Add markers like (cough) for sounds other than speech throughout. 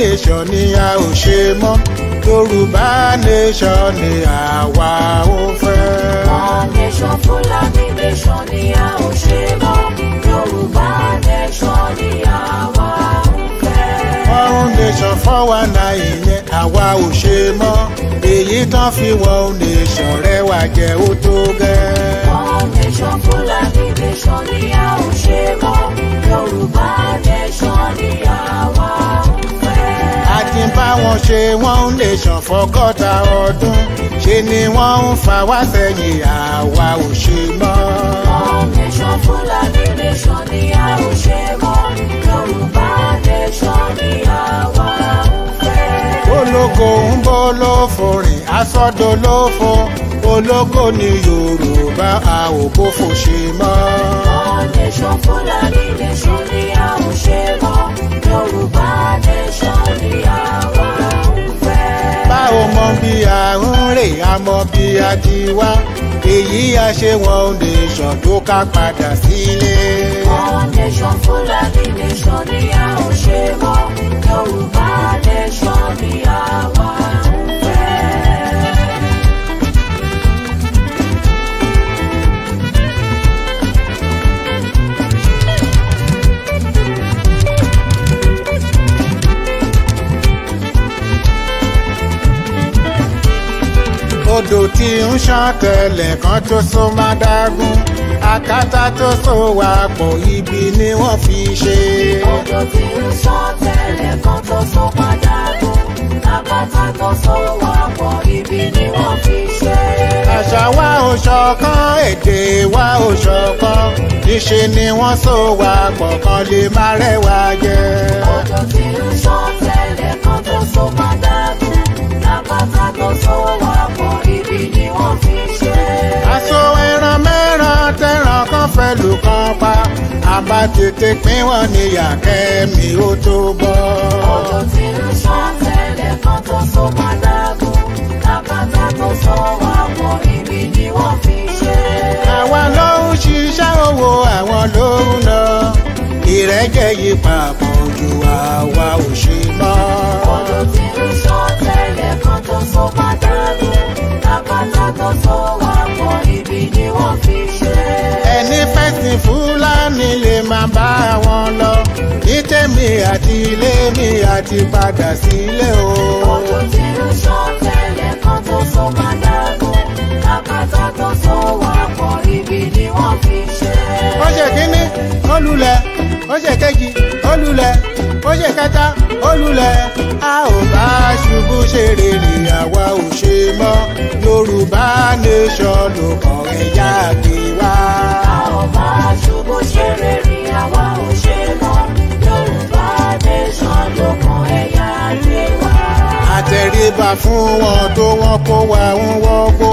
nation ni a ò ṣe mọ́ yorùbá nation ni àwa ò fẹ́. yorùbá nation fúlàní nation ni a ò ṣe mọ́ yorùbá nation ni àwa ò fẹ́. foreign nation fọwọ́ náà ìyẹn àwa ò ṣe mọ́ èyí tán fi wọ nation rẹwà jẹ́ ó tó gẹ́. foreign nation fúlàní nation ni a ò ṣe mọ́ yorùbá nation ni àwa ò fẹ́ ti bá wọn ṣe wọ́n ń lè ṣàn fọ́gọ́ta ọdún ṣe ni wọ́n ń fa wá sẹ́yìn àwa ò ṣe mọ́. one nation Fulani nation ni a ò ṣe mọ́ Yorùbá nation ni àwa ò fẹ́. ológo ń bọ́ ló forin asọ́dọ̀ olóko ni yorùbá a ò kó fò ṣe mọ́. foundation fúlàní nation ni a ò ṣe mọ́ yorùbá nation ni àwa ń fẹ́. bá o mọ bí a ń rè a mọ bí a ti wá èyí a ṣe wọn ò lè ṣàn tó ká padà sílé. foundation fúlàní nation ni a ò ṣe mọ́ yorùbá nation ni àwa ń fẹ́. odò tí ń ṣàn tẹ̀lẹ̀ kan tó so má dágún àkàtà tó so wà pọ̀ ibi ni wọ́n fi ṣe. odò tí ń ṣàn tẹ̀lẹ̀ kan tó so má dágún àkàtà tó so wà pọ̀ ibi ni wọ́n fi ṣe. àṣà wa ò ṣọ̀kan èdè wa ò ṣọ̀kan níṣe ni wọ́n so wà pọ̀ kan lè má rẹwà jẹ. odò tí ń ṣàn tẹ̀lẹ̀ kan tó so má dágún akata tó sówà pọ̀ ibi ni wọ́n fi ṣe. aṣọ ẹran mẹ́ran tẹran kan fẹ́ lù kan pa àbá tètè pín wọn níyà kẹ́mi ó tó bọ́. ọ̀dọ̀ tí ń ṣàn kan tó so padà gùn tó sówà pọ̀ ibi ni wọ́n fi ṣe. àwa ló ń ṣiṣẹ́ owó àwọn ló ń lọ ìrẹ́jẹ yìí papọ̀ ju àwa ò ṣe mọ́. ọ̀dọ̀ tí ń ṣàn akẹ́kọ̀ọ́ tó so pàdánù tábàtà so wà ibi ni wọ́n fi ṣe. ẹni fẹ̀sìn fúlàní lè máa bá wọn lọ ní tèmi àti ilé mi àti padà sílé o. ojú ti ń sọ tẹ́lẹ̀ kan tó so pàdánù tábàtà tó so wà wọ́n fi ṣe. ó ṣe kínní ó lulẹ̀ ó ṣe kejì ó lulẹ̀ ó ṣe kẹta ó lulẹ̀ a ò bá ṣubú ṣe rere àwa ò ṣe mọ́ yorùbá nation ló kàn ẹ̀yà bí wá. a ò bá ṣubú ṣe rere àwa ò ṣe mọ́ yorùbá nation ló kàn ẹ̀yà bí wá. àtẹ̀ríba fún wọn tó wọ́n kó wa ń wọ́gbó.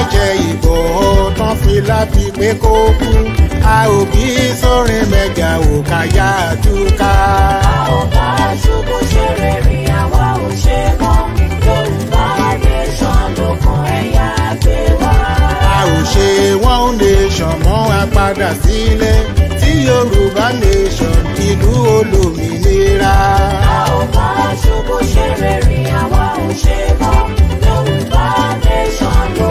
lẹ́jẹ̀ ìbò tán fi láti pé kó kú a ò bí sórin mẹ́gà ò káyà túká. a ò bá ṣubú ṣe rèrè àwa ò ṣe mọ́ Yorùbá nation lókun ẹ̀yà gbé wá. a ò ṣe one nation mọ́ a padà sílé tí Yorùbá nation ìlú olómìnira. a ò bá ṣubú ṣe rèrè àwa ò ṣe mọ́.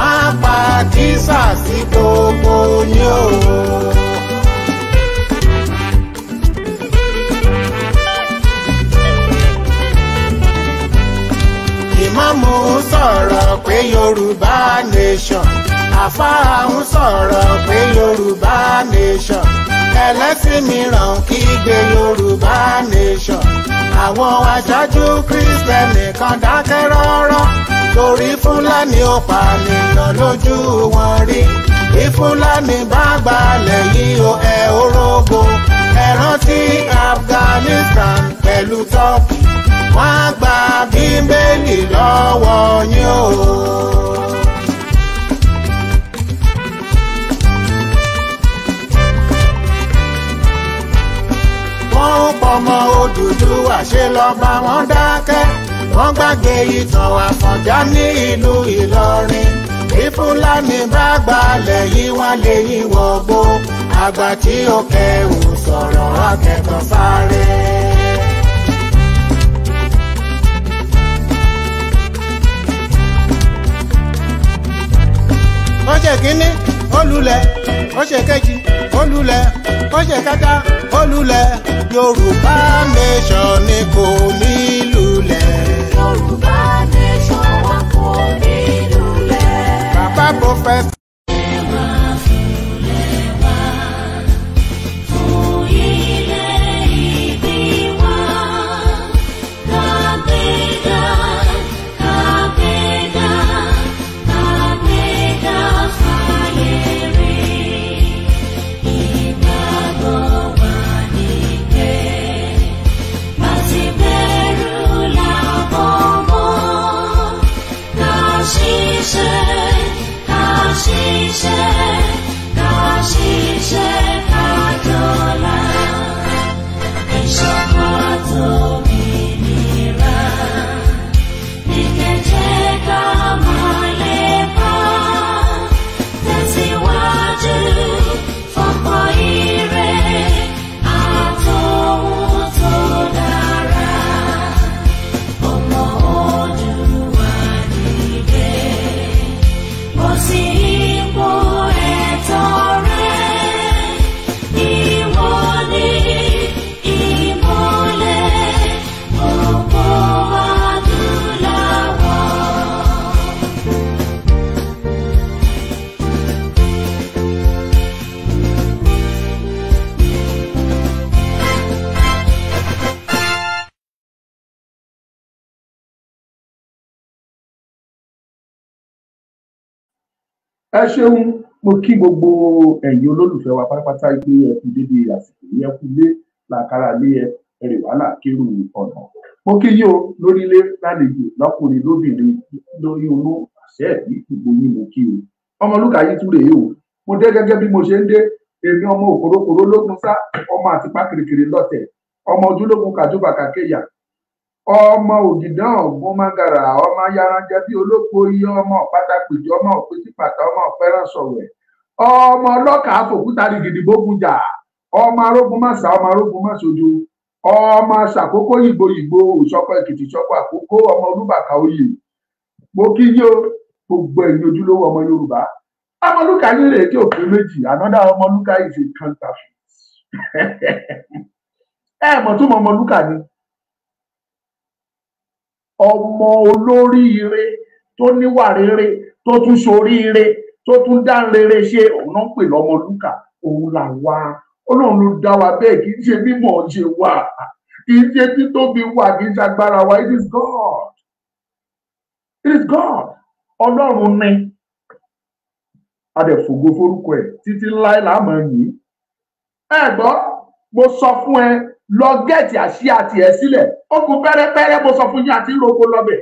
má pa tíṣà sí gbogbo ní òun. ìmáàmù sọ̀rọ̀ pé yorùbá nation àfáà ń sọ̀rọ̀ pé yorùbá nation ẹlẹ́sìn mìíràn kígbe yorùbá nation àwọn aṣáájú kristẹni kan dákẹ́ rọ́rọ́ torí fúlàní ọ̀pànìyàn lójú wọn rí bí fúlàní bá gbalẹ̀ yìí ẹ̀ orógo ẹ rántí Afghanistan pẹ̀lú Turkey wọ́n á gba bíbélì lọ́wọ́ yín o. wọ́n ń pọ̀ mọ́ Odùduwà ṣe wọn dákẹ́ wọ́n gbàgbé ìtàn Àfọ̀njá ní ìlú Ìlọrin bí Fúlàní bá gbalẹ̀ yìí wọ́n lè yíwọ́ gbó àgbà tí ó kẹwù sọ̀rọ̀ akẹ́kọ̀ọ́ sáré. ó ṣe kínní ó lulẹ̀ ó ṣe kejì ó lulẹ̀ ó ṣe kẹta ó lulẹ̀ Yorùbá nation ni kò ní. prophet ẹ ṣeun mo kí gbogbo ẹ̀yin olólùfẹ́ wa pátápátá gbé ẹkú dédé àsìkò yìí ẹkú lé làkàrà lé ẹrè wàhálà kérù ọ̀nà mo kí yín o lórílé lálejò lọ́kùnrin lóbìnrin lórí olú àṣẹ ẹbí gbogbo yín mo kí o ọmọlúkà yìí tún rèé o mo dé gẹ́gẹ́ bí mo ṣe ń dé èmi ọmọ òkòrókòró lógun sá ọmọ àtìpá kìrìkìrì lọ́tẹ̀ ọmọ ojúlógun kàjúbà kàkéyà ọmọ òdìdán ọgbọn mangara ọmọ yaranjẹbi olóko iye ọmọ pátápìjọ ọmọ òpẹtìpàtà ọmọ fẹràn sọwẹ ọmọ ọlọkà àfòkúta gidi gbógunjà ọmọ arógun màsà ọmọ arógun màsojú ọmọ sàkókò yìgbò yìgbò òṣọpọ èkìtì ṣọpọ àkókò ọmọ olúbàkà oyè mo kí yé o gbogbo ẹ̀yin ojúlówó ọmọ yorùbá ọmọlúkà yín rèé tí òkè méjì ànádà ọmọlúkà yìí ṣe kanta ẹ mọ̀ tó mọ ọmọlúkà ni ọmọ olóríire tó níwà rere tó tún soríire tó tún dá rere ṣe òun náà ń pè lọ́mọ lúkà òun là wá Ọlọ́run ló dá wa bẹ́ẹ̀ kì í ṣe mímọ̀ ṣe wà kì í ṣe títóbi wà kì í ṣagbára wa it is God it is God Ọlọ́run ni adẹ̀fògo forúkọ ẹ̀ títí láì láàmú yìí ẹ gbọ́ mo sọ fún ẹ lọ gẹ̀ẹ́tì àṣìá tiẹ̀ sílẹ̀ ó kú pẹ́rẹ́pẹ́rẹ́ mo sọ fún yín àti ìrókò lọ́bẹ̀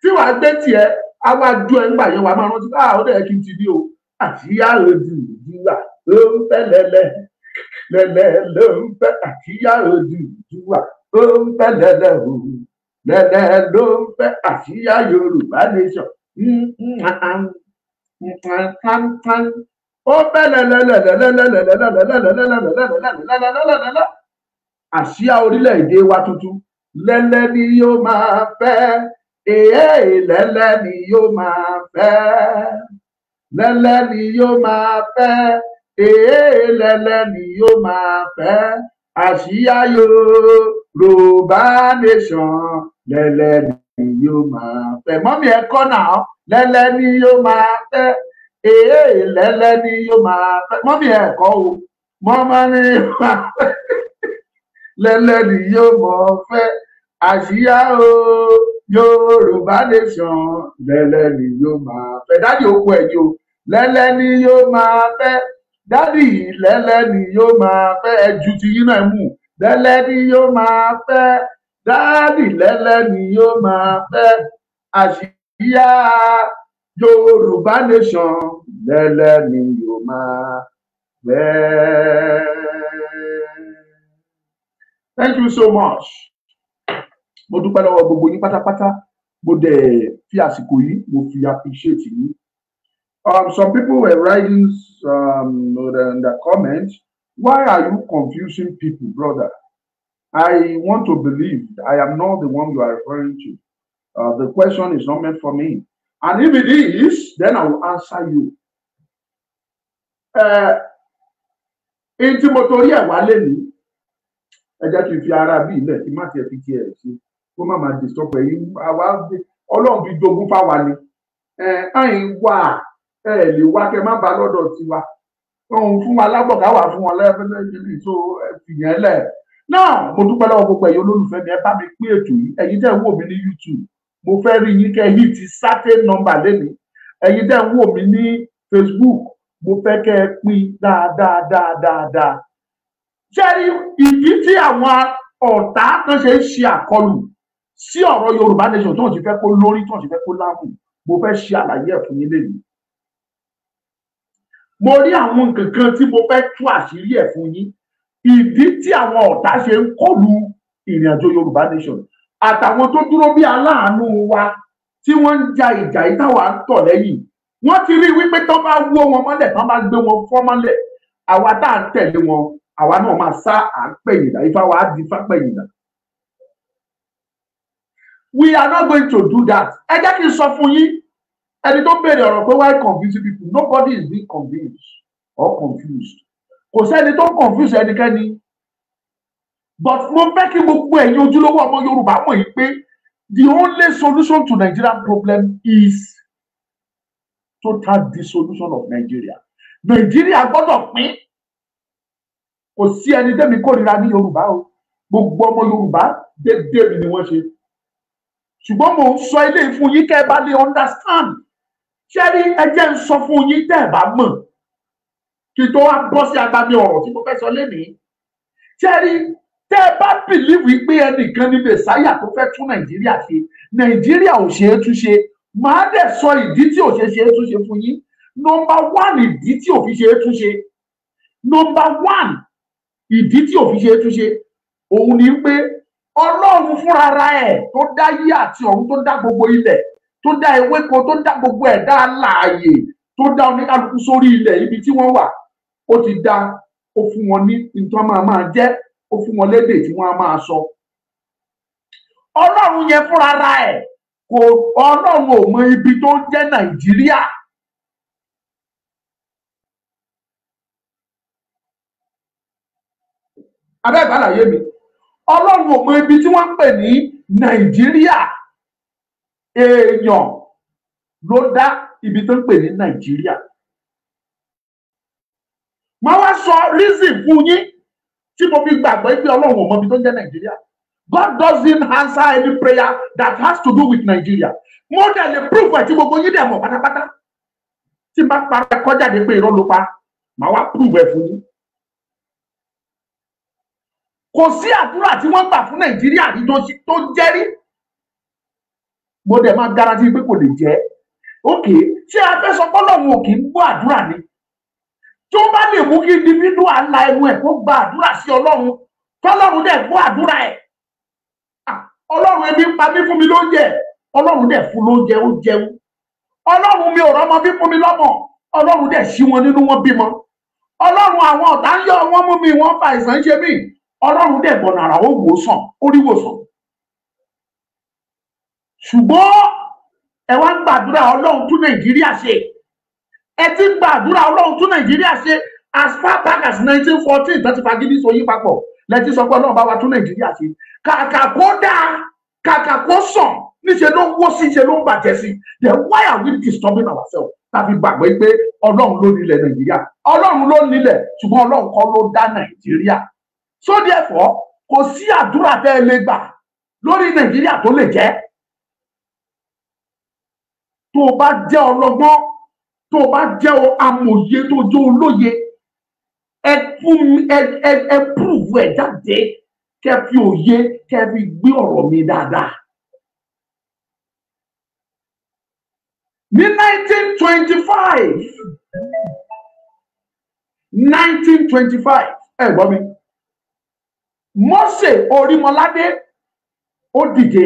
tí wàá gbé tiẹ̀ á wá ju ẹ̀ ńgbà yẹn wàá máa rántí báà ó dẹ̀ kí n ti dí o àṣìá òdì ìdíwà ló ń pẹ́ lẹ́lẹ́ lẹ́lẹ́ ló ń pẹ́ àṣìá òdì ìdíwà ló ń pẹ́ lẹ́lẹ́ o lẹ́lẹ́ ló ń pẹ́ àṣìá Yorùbá nation ó pẹ́ lẹ́lẹ́ lẹ́lẹ́ lẹ́lẹ́ lẹ́lẹ́ lẹ́lẹ́ lẹ́lẹ́ lẹ́lẹ́ lẹ́lẹ́ lẹ́lẹ́ lẹ́lẹ́ lẹ́lẹ́ àsíá orílẹ̀-èdè wa tuntun lẹ́lẹ́ ni yóò máa fẹ́ èyí lẹ́lẹ́ ni yóò máa fẹ́ lẹ́lẹ́ ni yóò máa fẹ́ èyí lẹ́lẹ́ ni yóò máa fẹ́ àsíá Yorùbá nation lẹ́lẹ́ ni yóò máa fẹ́ mọ́mí ẹ kọ́ náà lẹ́lẹ́ ni yóò máa fẹ́ èyí lẹ́lẹ́ ni yóò máa fẹ́ mọ́mí ẹ kọ́ o mọ́mọ́ ni yóò máa fẹ́ lẹ́lẹ́ni yóò mọ̀ ọ́ fẹ́ àṣìyá o yorùbá nation lẹ́lẹ́ni yóò máa fẹ́ dádì òkú ẹ̀ yóò lẹ́lẹ́ni yóò máa fẹ́ dádì lẹ́lẹ́ni yóò máa fẹ́ ẹ̀jú ti yín náà mú lẹ́lẹ́ni yóò máa fẹ́ dádì lẹ́lẹ́ni yóò máa fẹ́ àṣìyá yorùbá nation lẹ́lẹ́ni yóò máa fẹ́ thank you so much mo dúpẹ́ lọ́wọ́ gbogbo yín pátápátá mo dẹ̀ fi àsìkò yìí mo fi appreciate yín um, some people were writing um, in the comment why are you confusing people brother I want to believe I am not the one you are referring to uh, the question is not meant for me and if it is then I will answer you. Uh, in mo torí ẹ̀ ẹ jẹ́ kí n fi ara bí ilẹ̀ kí n má tiẹ̀ fi tiẹ̀ ṣe kó má má dè sọpọ̀ yìí àwa ọlọ́run fi jogún fáwa ni ẹ àyìn wà ẹ lè wá kẹ má ba lọ́dọ̀ tiwa òun fún wa lágbọ̀ká wà fún wọn lẹ́ẹ̀fẹ́lẹ́ yìí tó fìyẹn lẹ̀ náà mo dúpẹ́ lọ́wọ́ gbogbo ẹ̀yin olólùfẹ́ mi ẹ bá mi pín ètò yìí ẹ̀yin tẹ̀ ń wò mí ní YouTube mo fẹ́ rí yín kẹ́ hit certain number lẹ́nu ẹ̀yin tẹ̀ ń wò mí ní Facebook mo fẹ́ kẹ́ ẹ pín dáadáa dáadáa dáadáa jẹ́rí ìdí tí àwọn ọ̀tá kan ṣe ń ṣe àkọlù sí ọ̀rọ̀ Yorùbá nation tó ń ti fẹ́ kó lórí tó ń ti fẹ́ kó láàmú mo fẹ́ ṣe àlàyé ẹ̀ fún yín lẹ́yìn mo rí àwọn nǹkan kan tí mo fẹ́ tú àṣírí ẹ̀ fún yín ìdí tí àwọn ọ̀tá ṣe ń kọlù ìrìn àjò Yorùbá nation àtàwọn tó dúró bí aláàánú wa tí wọ́n ń ja ìjà yìí táwa ń tọ̀ lẹ́yìn wọ́n ti rí wípé tó bá wó wọn mọ́lẹ̀ tó bá gbé wọn fọ́ mọ́lẹ̀ àwa tá à ń tẹ̀lé wọn àwa náà máa sá à ń pẹ̀yìndà ifá wa á di ifá pẹ̀yìndà. we are not going to do that ẹ jẹ́ kí n sọ fún yín ẹni tó béèrè ọ̀rọ̀ pé why confuse people nobody is being convinced or confused kò sẹ́ni tó confuse ẹnikẹ́ni but mo fẹ́ kí gbogbo ẹ̀yin ojúlówó ọmọ Yorùbá mọ̀ yìí pé the only solution to Nigerian problem is total dissolution of Nigeria Nigeria gbọ́dọ̀ pín kò sí ẹni tẹ́mi kórìíra ní yorùbá o gbogbo ọmọ yorùbá dédé mi ni wọ́n ṣe ṣùgbọ́n mò ń sọ eléyìí fún yín kẹ́ ẹ bá lè understand ṣẹ́rí ẹ jẹ́ ń sọ fún yín tẹ́ ẹ bá mọ̀ kí tó wá bọ́ sí agbami ọ̀rọ̀ tí mo fẹ́ sọ lénìí ṣẹ́rí tẹ́ ẹ bá bìlíwì pé ẹnìkan ní mẹ̀sáyà tó fẹ́ tún nàìjíríà ṣe nàìjíríà ò ṣeé túnṣe màá dẹ̀ sọ ìdí tí ò ṣe ṣe é túnṣe fún yín nọmba one ìdí tí ò fi ṣe é túnṣe nọmba one ìdí tí òfin ṣe é tún ṣe òun ni pé ọlọ́run fúnra ẹ̀ tó dá yí àti ọ̀run tó dá gbogbo ilẹ̀ tó dá ewéko tó dá gbogbo ẹ̀dá alààyè tó dá oníkálukú sórí ilẹ̀ ibi tí wọ́n wà ó ti dá ó fún wọn ní nǹkan máa máa jẹ ó fún wọn lédè tí wọ́n á máa sọ ọlọ́run yẹn fúnra ẹ̀ kò ọlọ́run ò mọ ibi tó ń jẹ́ nàìjíríà abẹ́ẹ̀bá làyé mi ọlọ́run ò mọ ibi tí wọ́n ń pè ní nàìjíríà èèyàn ló dá ibi tó ń pè ní nàìjíríà máa wá sọ reason fún yín tí mo fi gbàgbọ́ pé ọlọ́run ò mọ ibi tó ń jẹ́ nàìjíríà God doesn't answer any prayer that has to do with Nigeria mo dẹ̀ lè proof ẹ̀ tí gbogbo yín dẹ̀ mọ̀ pátápátá tí n bá parẹ́ kọjáde pé irọ́ ló pa màá wá proof ẹ̀ fún yín kò sí àdúrà tí wọ́n gbà fún nàìjíríà rí tó jẹ́rí mo dẹ̀ máa garanti pé kò lè jẹ́ òkè ṣé a fẹ́ sọ pọ́lọ́hún ò kì í gbọ́ àdúrà ni tó bá lè mú kí individual la ẹnu ẹ̀ kó gba àdúrà sí ọlọ́run tọ́lọ́run dẹ̀ gbọ́ àdúrà ẹ̀ ọlọ́run ẹbí pa mí fún mi lóúnjẹ ọlọ́run dẹ̀ fún lóúnjẹ ó jẹun ọlọ́run mi ò rọ́mọ bí fún mi lọ́mọ ọlọ́run dẹ̀ ṣí wọn nínú wọn bímọ ọlọ́run àwọn ọ̀tá ń yọ wọn mú mi wọn fa àìsàn ṣe mí ọlọ́run dẹ̀ gbọ̀nà àrà ó wò sàn ó rí wò sàn ṣùgbọ́n ẹ wá ń gbàdúrà ọlọ́run tún nàìjíríà ṣe ẹ ti ń gbàdúrà ọlọ́run tún nàìjíríà ṣe as far back as nineteen fourteen tó ti fagídí so yí papọ̀ lẹ́tí sọ pé ọlọ́run bá wa tún nàìjíríà ṣe kàkà kó dáa kàkà kó sàn níṣẹ́ ló ń wó sí ṣe ló ń bàjẹ́ sí then why are we disturbing ourselves tàbí gbàgbé pé ọlọ́run ló nílẹ̀ nàìjíríà ọlọ́run ló nílẹ̀ ṣùgbọ́n ọlọ́run kọ́ ló dá nàìjíríà so therefore kò sí àdúrà tẹ́ ẹ lè gbà lórí nàìjíríà tó lè jẹ́ tó o bá jẹ́ ọlọ́gbọ́n tó o bá jẹ́ amòye tó jẹ́ olóye ẹ fún ẹ ẹ ẹ púrùfù ẹ jáde kẹ fi òye kẹ fi gbé ọ̀rọ̀ mi dáadáa. ní 1925 1925 ẹ gbọ́ mi. Mósè Orímọládé ó dìde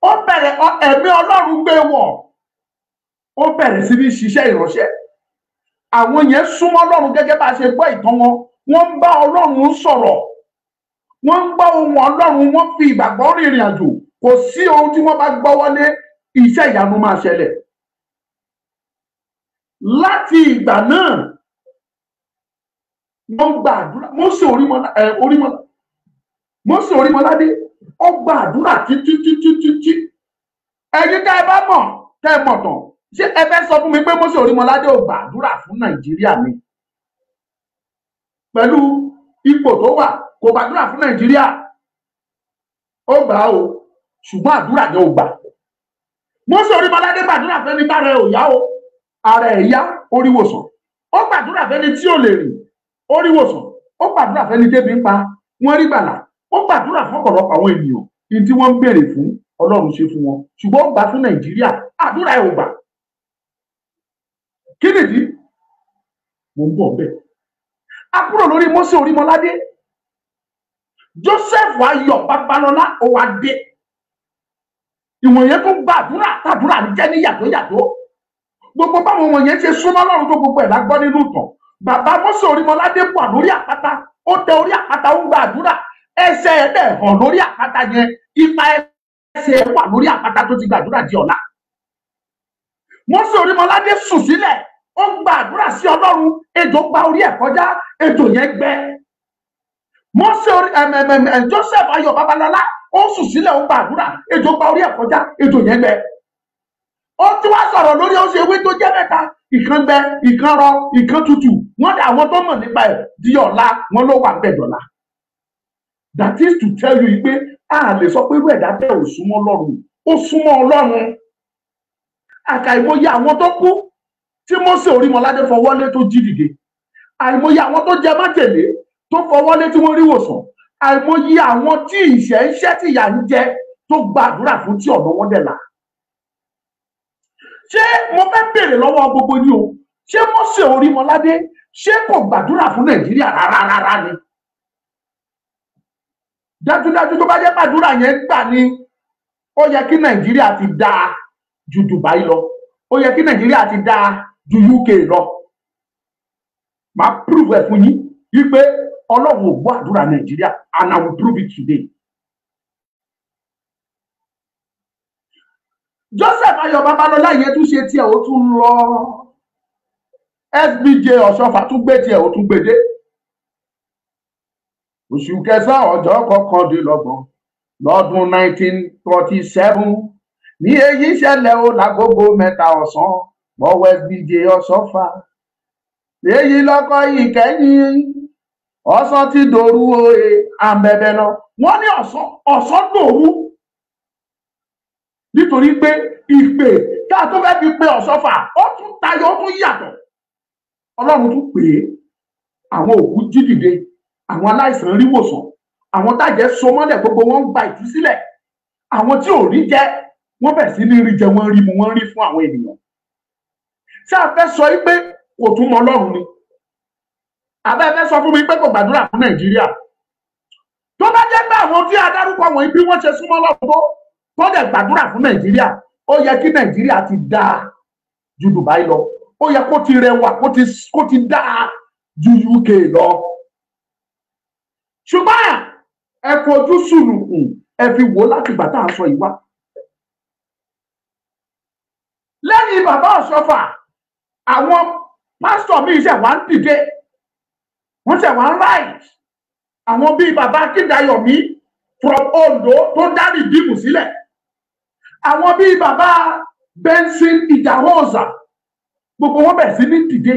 ó bẹ̀rẹ̀ ẹ̀mí Ọlọ́run gbé wọ̀ ó bẹ̀rẹ̀ sí ní ṣiṣẹ́ ìránṣẹ́ àwọn yẹn súnmọ́ Ọlọ́run gẹ́gẹ́ bá a ṣe gbọ́ ìtàn wọn wọ́n ń bá Ọlọ́run sọ̀rọ̀ wọ́n ń gbọ́ ohun Ọlọ́run wọ́n fi ìgbàgbọ́ rìnrìn àjò kò sí ohun tí wọ́n bá gbọ́ wọlé iṣẹ́ ìyanu máa ṣẹlẹ̀ láti ìgbà náà wọ́n ń gba àdúrà mọ́sí orímọ́lá mọ́sí orímọ́ládé ó gba àdúrà títí títí títí ẹ̀yin tá ẹ bá mọ̀ tá ẹ mọ̀ tán ṣé ẹ fẹ́ sọ fún mi pé mọ́sí orímọ́ládé ò gba àdúrà fún nàìjíríà mi pẹ̀lú ipò tó wà kò gbàdúrà fún nàìjíríà ó gbà o ṣùgbọ́n àdúrà ni ó gbà mọ́sí orímọ́ládé gbàdúrà fẹ́ni bá rẹ̀ ò yá o ara ẹ̀ yá oríwòsàn ó gbàdúrà fẹ́ni tí ò lè rìn ó rí wòsàn ó pàdúrà fẹ́ni débi ń pa wọ́n rí gbàlà ó pàdúrà fún ọ̀pọ̀lọpọ̀ àwọn ènìyàn ní tí wọ́n ń béèrè fún Ọlọ́run ṣe fún wọn ṣùgbọ́n ó gbà fún Nàìjíríà àdúrà ẹ̀ ò gbà kí nìdí mò ń bọ̀ bẹ́ẹ̀ a kúrò lórí Mósè Orímọládé Joseph Ayọ̀ Babalọlá Owádé ìwọ̀nyẹn tó gbàdúrà tàdúrà jẹ́ níyàtọ̀ yàtọ̀ gbogbo báwọn wọ̀nyẹn ṣe súnmọ́ Ọlọ́run tó gbogbo ẹ̀ lágbọ́ nínú ìtàn bàbá mọ́sọ̀rímọ́ ládépọ̀ lórí àpáta ó tẹ orí àpáta ó ń gba àdúrà ẹsẹ̀ ẹ̀ dẹ̀ hàn lórí àpáta yẹn ipa ẹsẹ̀ ẹ̀ wà lórí àpáta tó ti gba àdúrà di ọ̀la mọ́sọ̀rímọ́ ládé sùn sílẹ̀ ó ń gba àdúrà sí ọlọ́run ejò gba orí ẹ̀ kọjá ejò yẹn gbẹ mọ́sọ̀rímọ́ Joseph Ayọ̀ Babalọlá ó sùn sílẹ̀ ó ń gba àdúrà ejò gba orí ẹ̀ kọjá ejò yẹn gbẹ ó tún wá sọ̀rọ̀ lórí ó ṣe ewé tó jẹ́ mẹ́ta ìkan gbẹ ìkan rọ ìkan tútù wọ́n dà àwọn tó mọ̀ nípa ẹ̀ di ọ̀la wọn ló wà bẹ́ẹ̀ dọ̀la that is to tell you pé a lè sọ pé irú ẹ̀dá bẹ́ẹ̀ ò súnmọ́ ọlọ́run ó súnmọ́ ọlọ́run àkàìmọye àwọn tó kú tí Mósè Orímọládé fọwọ́lé tó jí dìde àìmọye àwọn tó jẹ májèlé tó fọwọ́lé tí wọ́n rí wòsàn àìmọye àwọn tí ìṣẹ́ ń ṣẹ́ tìyà ń jẹ tó gbàdúrà fún tí ọ̀nà wọn dẹ̀ là ṣé mo fẹ́ béèrè lọ́wọ́ gbogbo yín o ṣé Mósè Orímọládé ṣé kò gbàdúrà fún nàìjíríà rárá rárá ni dájúdájú tó bá jẹ́ gbàdúrà yẹn gbà ni ó yẹ kí nàìjíríà ti dáa ju dubai lọ ó yẹ kí nàìjíríà ti dáa ju uk lọ màá prove ẹ fún yín wípé ọlọ́run ò gbọ́ àdúrà nàìjíríà and i will prove it today. joseph ayọ̀ babalọ́lá yẹn tún ṣe tiẹ̀ ó tún lọ SBJ ọ̀ṣọ́fà tún gbé tiẹ̀ ó tún gbé dé oṣù kẹsàn-án ọjọ́ kọkàndínlọ́gbọ̀n lọ́dún 1937 ní èyí ṣẹlẹ̀ ó lágogo mẹ́ta ọ̀sán lọ́wọ́ SBJ ọ̀ṣọ́fà èyí lọ́kọ́ ìkẹyìn ọ̀sán ti dòru oye àmbẹ̀bẹ̀ lọ wọ́n ní ọ̀sán ọ̀sán dòru nítorí pé ìpè tá a tó fẹ́ fi pe ọ̀ṣọ́fà ó tún tayọ ó tún yàtọ̀ ọlọ́run tún pè é àwọn òkú jí dìde àwọn aláìsàn rí wòsàn àwọn tàjẹ́ so mọ́lẹ̀ gbogbo wọn ń gba ìtúsílẹ̀ àwọn tí ò rí jẹ wọ́n bẹ̀rẹ̀ sí ní rí jẹ wọ́n rí mu wọ́n rí fún àwọn ènìyàn ṣé a fẹ́ sọ pé kò tún mọ ọlọ́run ni àbẹ́ fẹ́ sọ fún mi pé kò gbàdúrà fún nàìjíríà tó bá jẹ́ pé àwọn tí a dárúkọ wọ̀nyí bí wọ́n ṣe súnmọ́ ọlọ́run tó tó dẹ̀ gbàdúrà fún nàìjíríà ó yẹ kí nàìjíríà ti dáa ju dubai lọ ó yẹ kó ti rẹwà kó ti kó ti dáa ju UK lọ ṣùgbọ́n ẹ fojú sùnùkùn ẹ fi wò láti gbà tá à ń sọ ìwà lẹ́yìn bàbá ọ̀ṣọ́fà àwọn pásítọ̀ míì ṣẹ̀ wá ń dìde wọ́n ṣẹ̀ wá ń ráìt àwọn bíi bàbá akíndayọ̀mí from Ondo tó dá rìdíìmù sílẹ̀ àwọn bíi bàbá Benson ìdáhọ́ọ̀sà gbogbo wọn bẹ̀rẹ̀ sí ní dìde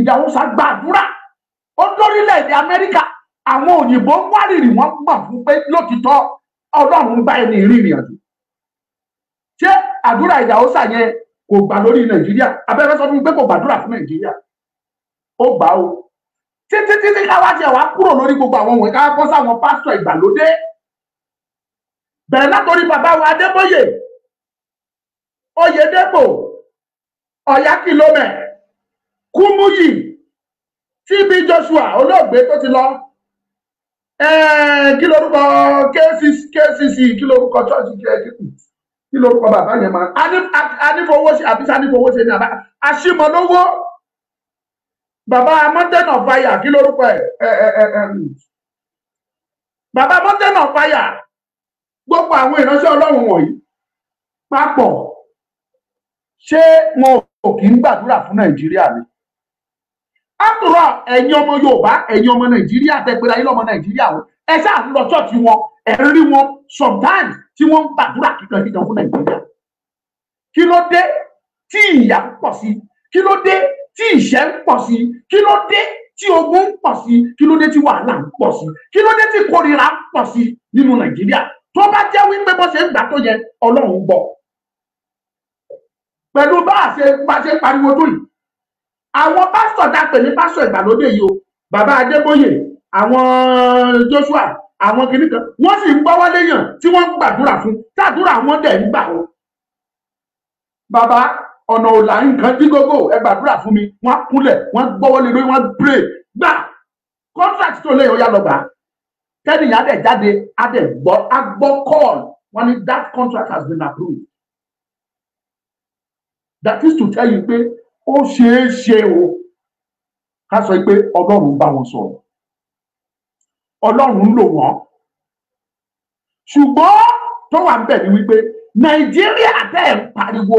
ìdáhùnsá gbàdúrà ó lórílẹ̀‐èdè amẹ́ríkà àwọn òyìnbó ń wárìrì wọn mọ̀ fún pé lótìtọ́ ọlọ́run ń bá ẹni ìrìnrìn àjò ṣé àdúrà ìdáhùnsá yẹn kò gbà lórí nàìjíríà abẹ́rẹ́ sọ fún mi pé kò gbàdúrà fún nàìjíríà ó gbà ó títí títí káwá tiẹ̀ wá kúrò lórí gbogbo àwọn òwe káwá kọ́ sáwọn pásítọ̀ ìgbàlódé bẹ̀rẹ̀ látòrí bàbá wa adébóyè oyèdèpọ̀ ọ̀yá kìlómẹ̀ kúmúyì TB Joshua olóògbé tó ti lọ kí lorúkọ kcc kí lorúkọ church jẹ kí lorúkọ bàbá yẹn máa anífowóṣe àbí sanífowóṣe ní àbá àṣìmọlówó bàbá mountain of fire kí lorúkọ ẹ bàbá mountain of fire gbogbo àwọn ìránṣẹ́ Ọlọ́run wọ̀nyí papọ̀ ṣé wọn ò ò kì í gbàdúrà fún nàìjíríà ni àtúrà ẹ̀yin ọmọ yorùbá ẹ̀yin ọmọ nàìjíríà tẹgbẹrẹ ayé lọmọ nàìjíríà o ẹ ṣáà ń lọ ṣọ́ọ̀ṣì wọn ẹ ń rí wọn sometimes tí wọ́n ń gbàdúrà kíkan kíkan fún nàìjíríà kí ló dé tí ìyà ń pọ̀ sí kí ló dé tí ìṣẹ́ ń pọ̀ sí kí ló dé tí ogun ń pọ̀ sí kí ló dé tí wàhálà ń pọ̀ sí kí ló dé tí kórìíra ń pọ̀ sí nínú nàìjíríà tó bá jẹ́ wípé bó ṣe ń gbà tó yẹ ọlọ́run gbọ́ pẹ̀lú bá a ṣe bá a ṣe pariwo tó yìí àwọn pásítọ̀ tá a pè ní pásítọ̀ ìgbàlódé yìí o bàbá adébóyè àwọn joshua àwọn kìnnì kan wọ́n sì ń gbọ́wọ́ léèyàn tí wọ́n ń gbàdúrà fún tàdúrà wọn dẹ̀ ń gbà wọn. bàbá ọ̀nà òlà nǹkan tí gógó ẹ gbàdúrà fún mi wọ́n kúnlẹ̀ wọ́n gbọ́wọ́ lé lórí wọ́n pray gbà contract tó léyìn ọ̀yà lọ́gbà kẹ́nìyàn á dẹ̀ jáde á dẹ̀ gbọ́ á gbọ́ call wọ́n ní that contract has been approved that is to tell you pé ó ṣeé ṣe o ká sọ pé ọlọ́run bá wọn sọ̀rọ̀ ọlọ́run lò wọ́n ṣùgbọ́n tó wà ń bẹ̀ ni wípé nàìjíríà tẹ́ ẹ̀ ń pariwo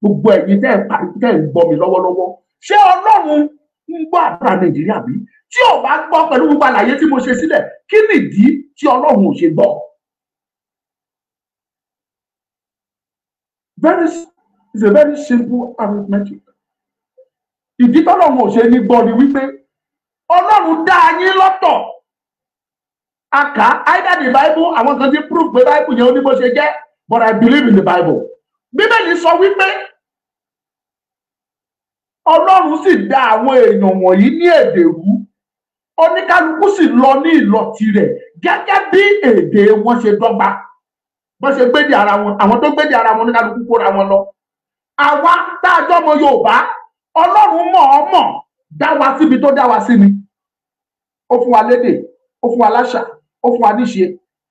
gbogbo ẹ̀yin tẹ́ ẹ̀ ń pariwo tẹ́ ẹ̀ ń gbọ́ mi lọ́wọ́lọ́wọ́ ṣé ọlọ́run ń gbọ́ àdúrà nàìjíríà bí tí ò bá gbọ́ pẹ̀lú gbogbo àlàyé tí mo ṣe sílẹ̀ kí nìdí tí ọlọ́run ò ṣe gbọ́. very It's a very simple arithmetic. Ìdí tọ́lọ́run ò ṣe ní gbọ́ ni wípé Ọlọ́run dá yín lọ́tọ̀. A either the Bible àwọn kan ti prove pé Bible yẹn ó ní bó ṣe jẹ́ but I believe in the Bible. Bíbélì sọ wípé Ọlọ́run sì dá àwọn èèyàn wọ̀nyí ní èdè rú. Oníkálukú sì lọ ní ìlọ tirẹ̀ gẹ́gẹ́ bí èdè wọn ṣe dọ́gba. Bọ́n ṣe gbédè ara wọn, àwọn tó gbédè ara wọn oníkálukú kóra wọn lọ àwa tá a jọmọ Yorùbá Ọlọ́run mọ̀ ọ́ mọ̀ dá wa síbi tó dá wa sí ni ó fún wa lédè ó fún wa láṣà ó fún wa níṣe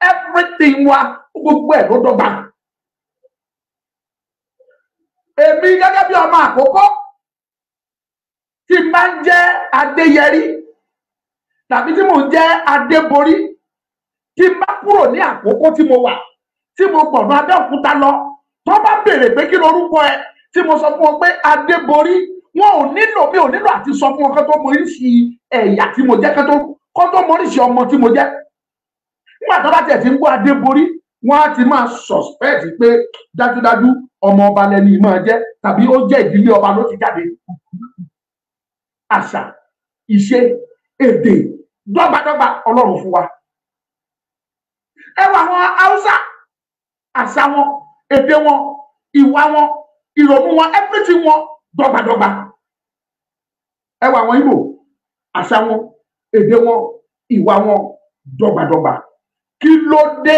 everything wa gbogbo ẹ̀ ló dọ́gba èmi gẹ́gẹ́ bí ọmọ àkọ́kọ́ tí máa ń jẹ́ adéyẹrí tàbí tí mò ń jẹ́ adéborí tí bá kúrò ní àkókò tí mo wà tí mo gbọ̀nà abẹ́òkúta lọ tó bá béèrè pé kí lorúkọ ẹ tí mo sọ fún ọ pé adéborí wọn ò nílò mi ò nílò àti sọ fún ọ kán tó mọ oríṣi ẹ̀yà tí mo jẹ́ kán tó kán tó ọmọ tí mo jẹ́ nígbà tó bá tiẹ̀ ti ń gbọ́ adéborí wọn á ti máa suspect pé dájúdájú ọmọ ọba lẹni máa jẹ́ tàbí ó jẹ́ ìdílé ọba ló ti jáde àṣà ìṣe èdè dọ́gbadọ́gba ọlọ́run fún wa ẹ wà wọn haúsá àṣà wọn èdè wọn ìwà wọn ìrònú wọn everything wọn dọ́gbadọ́gba ẹ wà wọn Ìgbò àṣà wọn èdè wọn ìwà wọn dọ́gbadọ́gba kí ló dé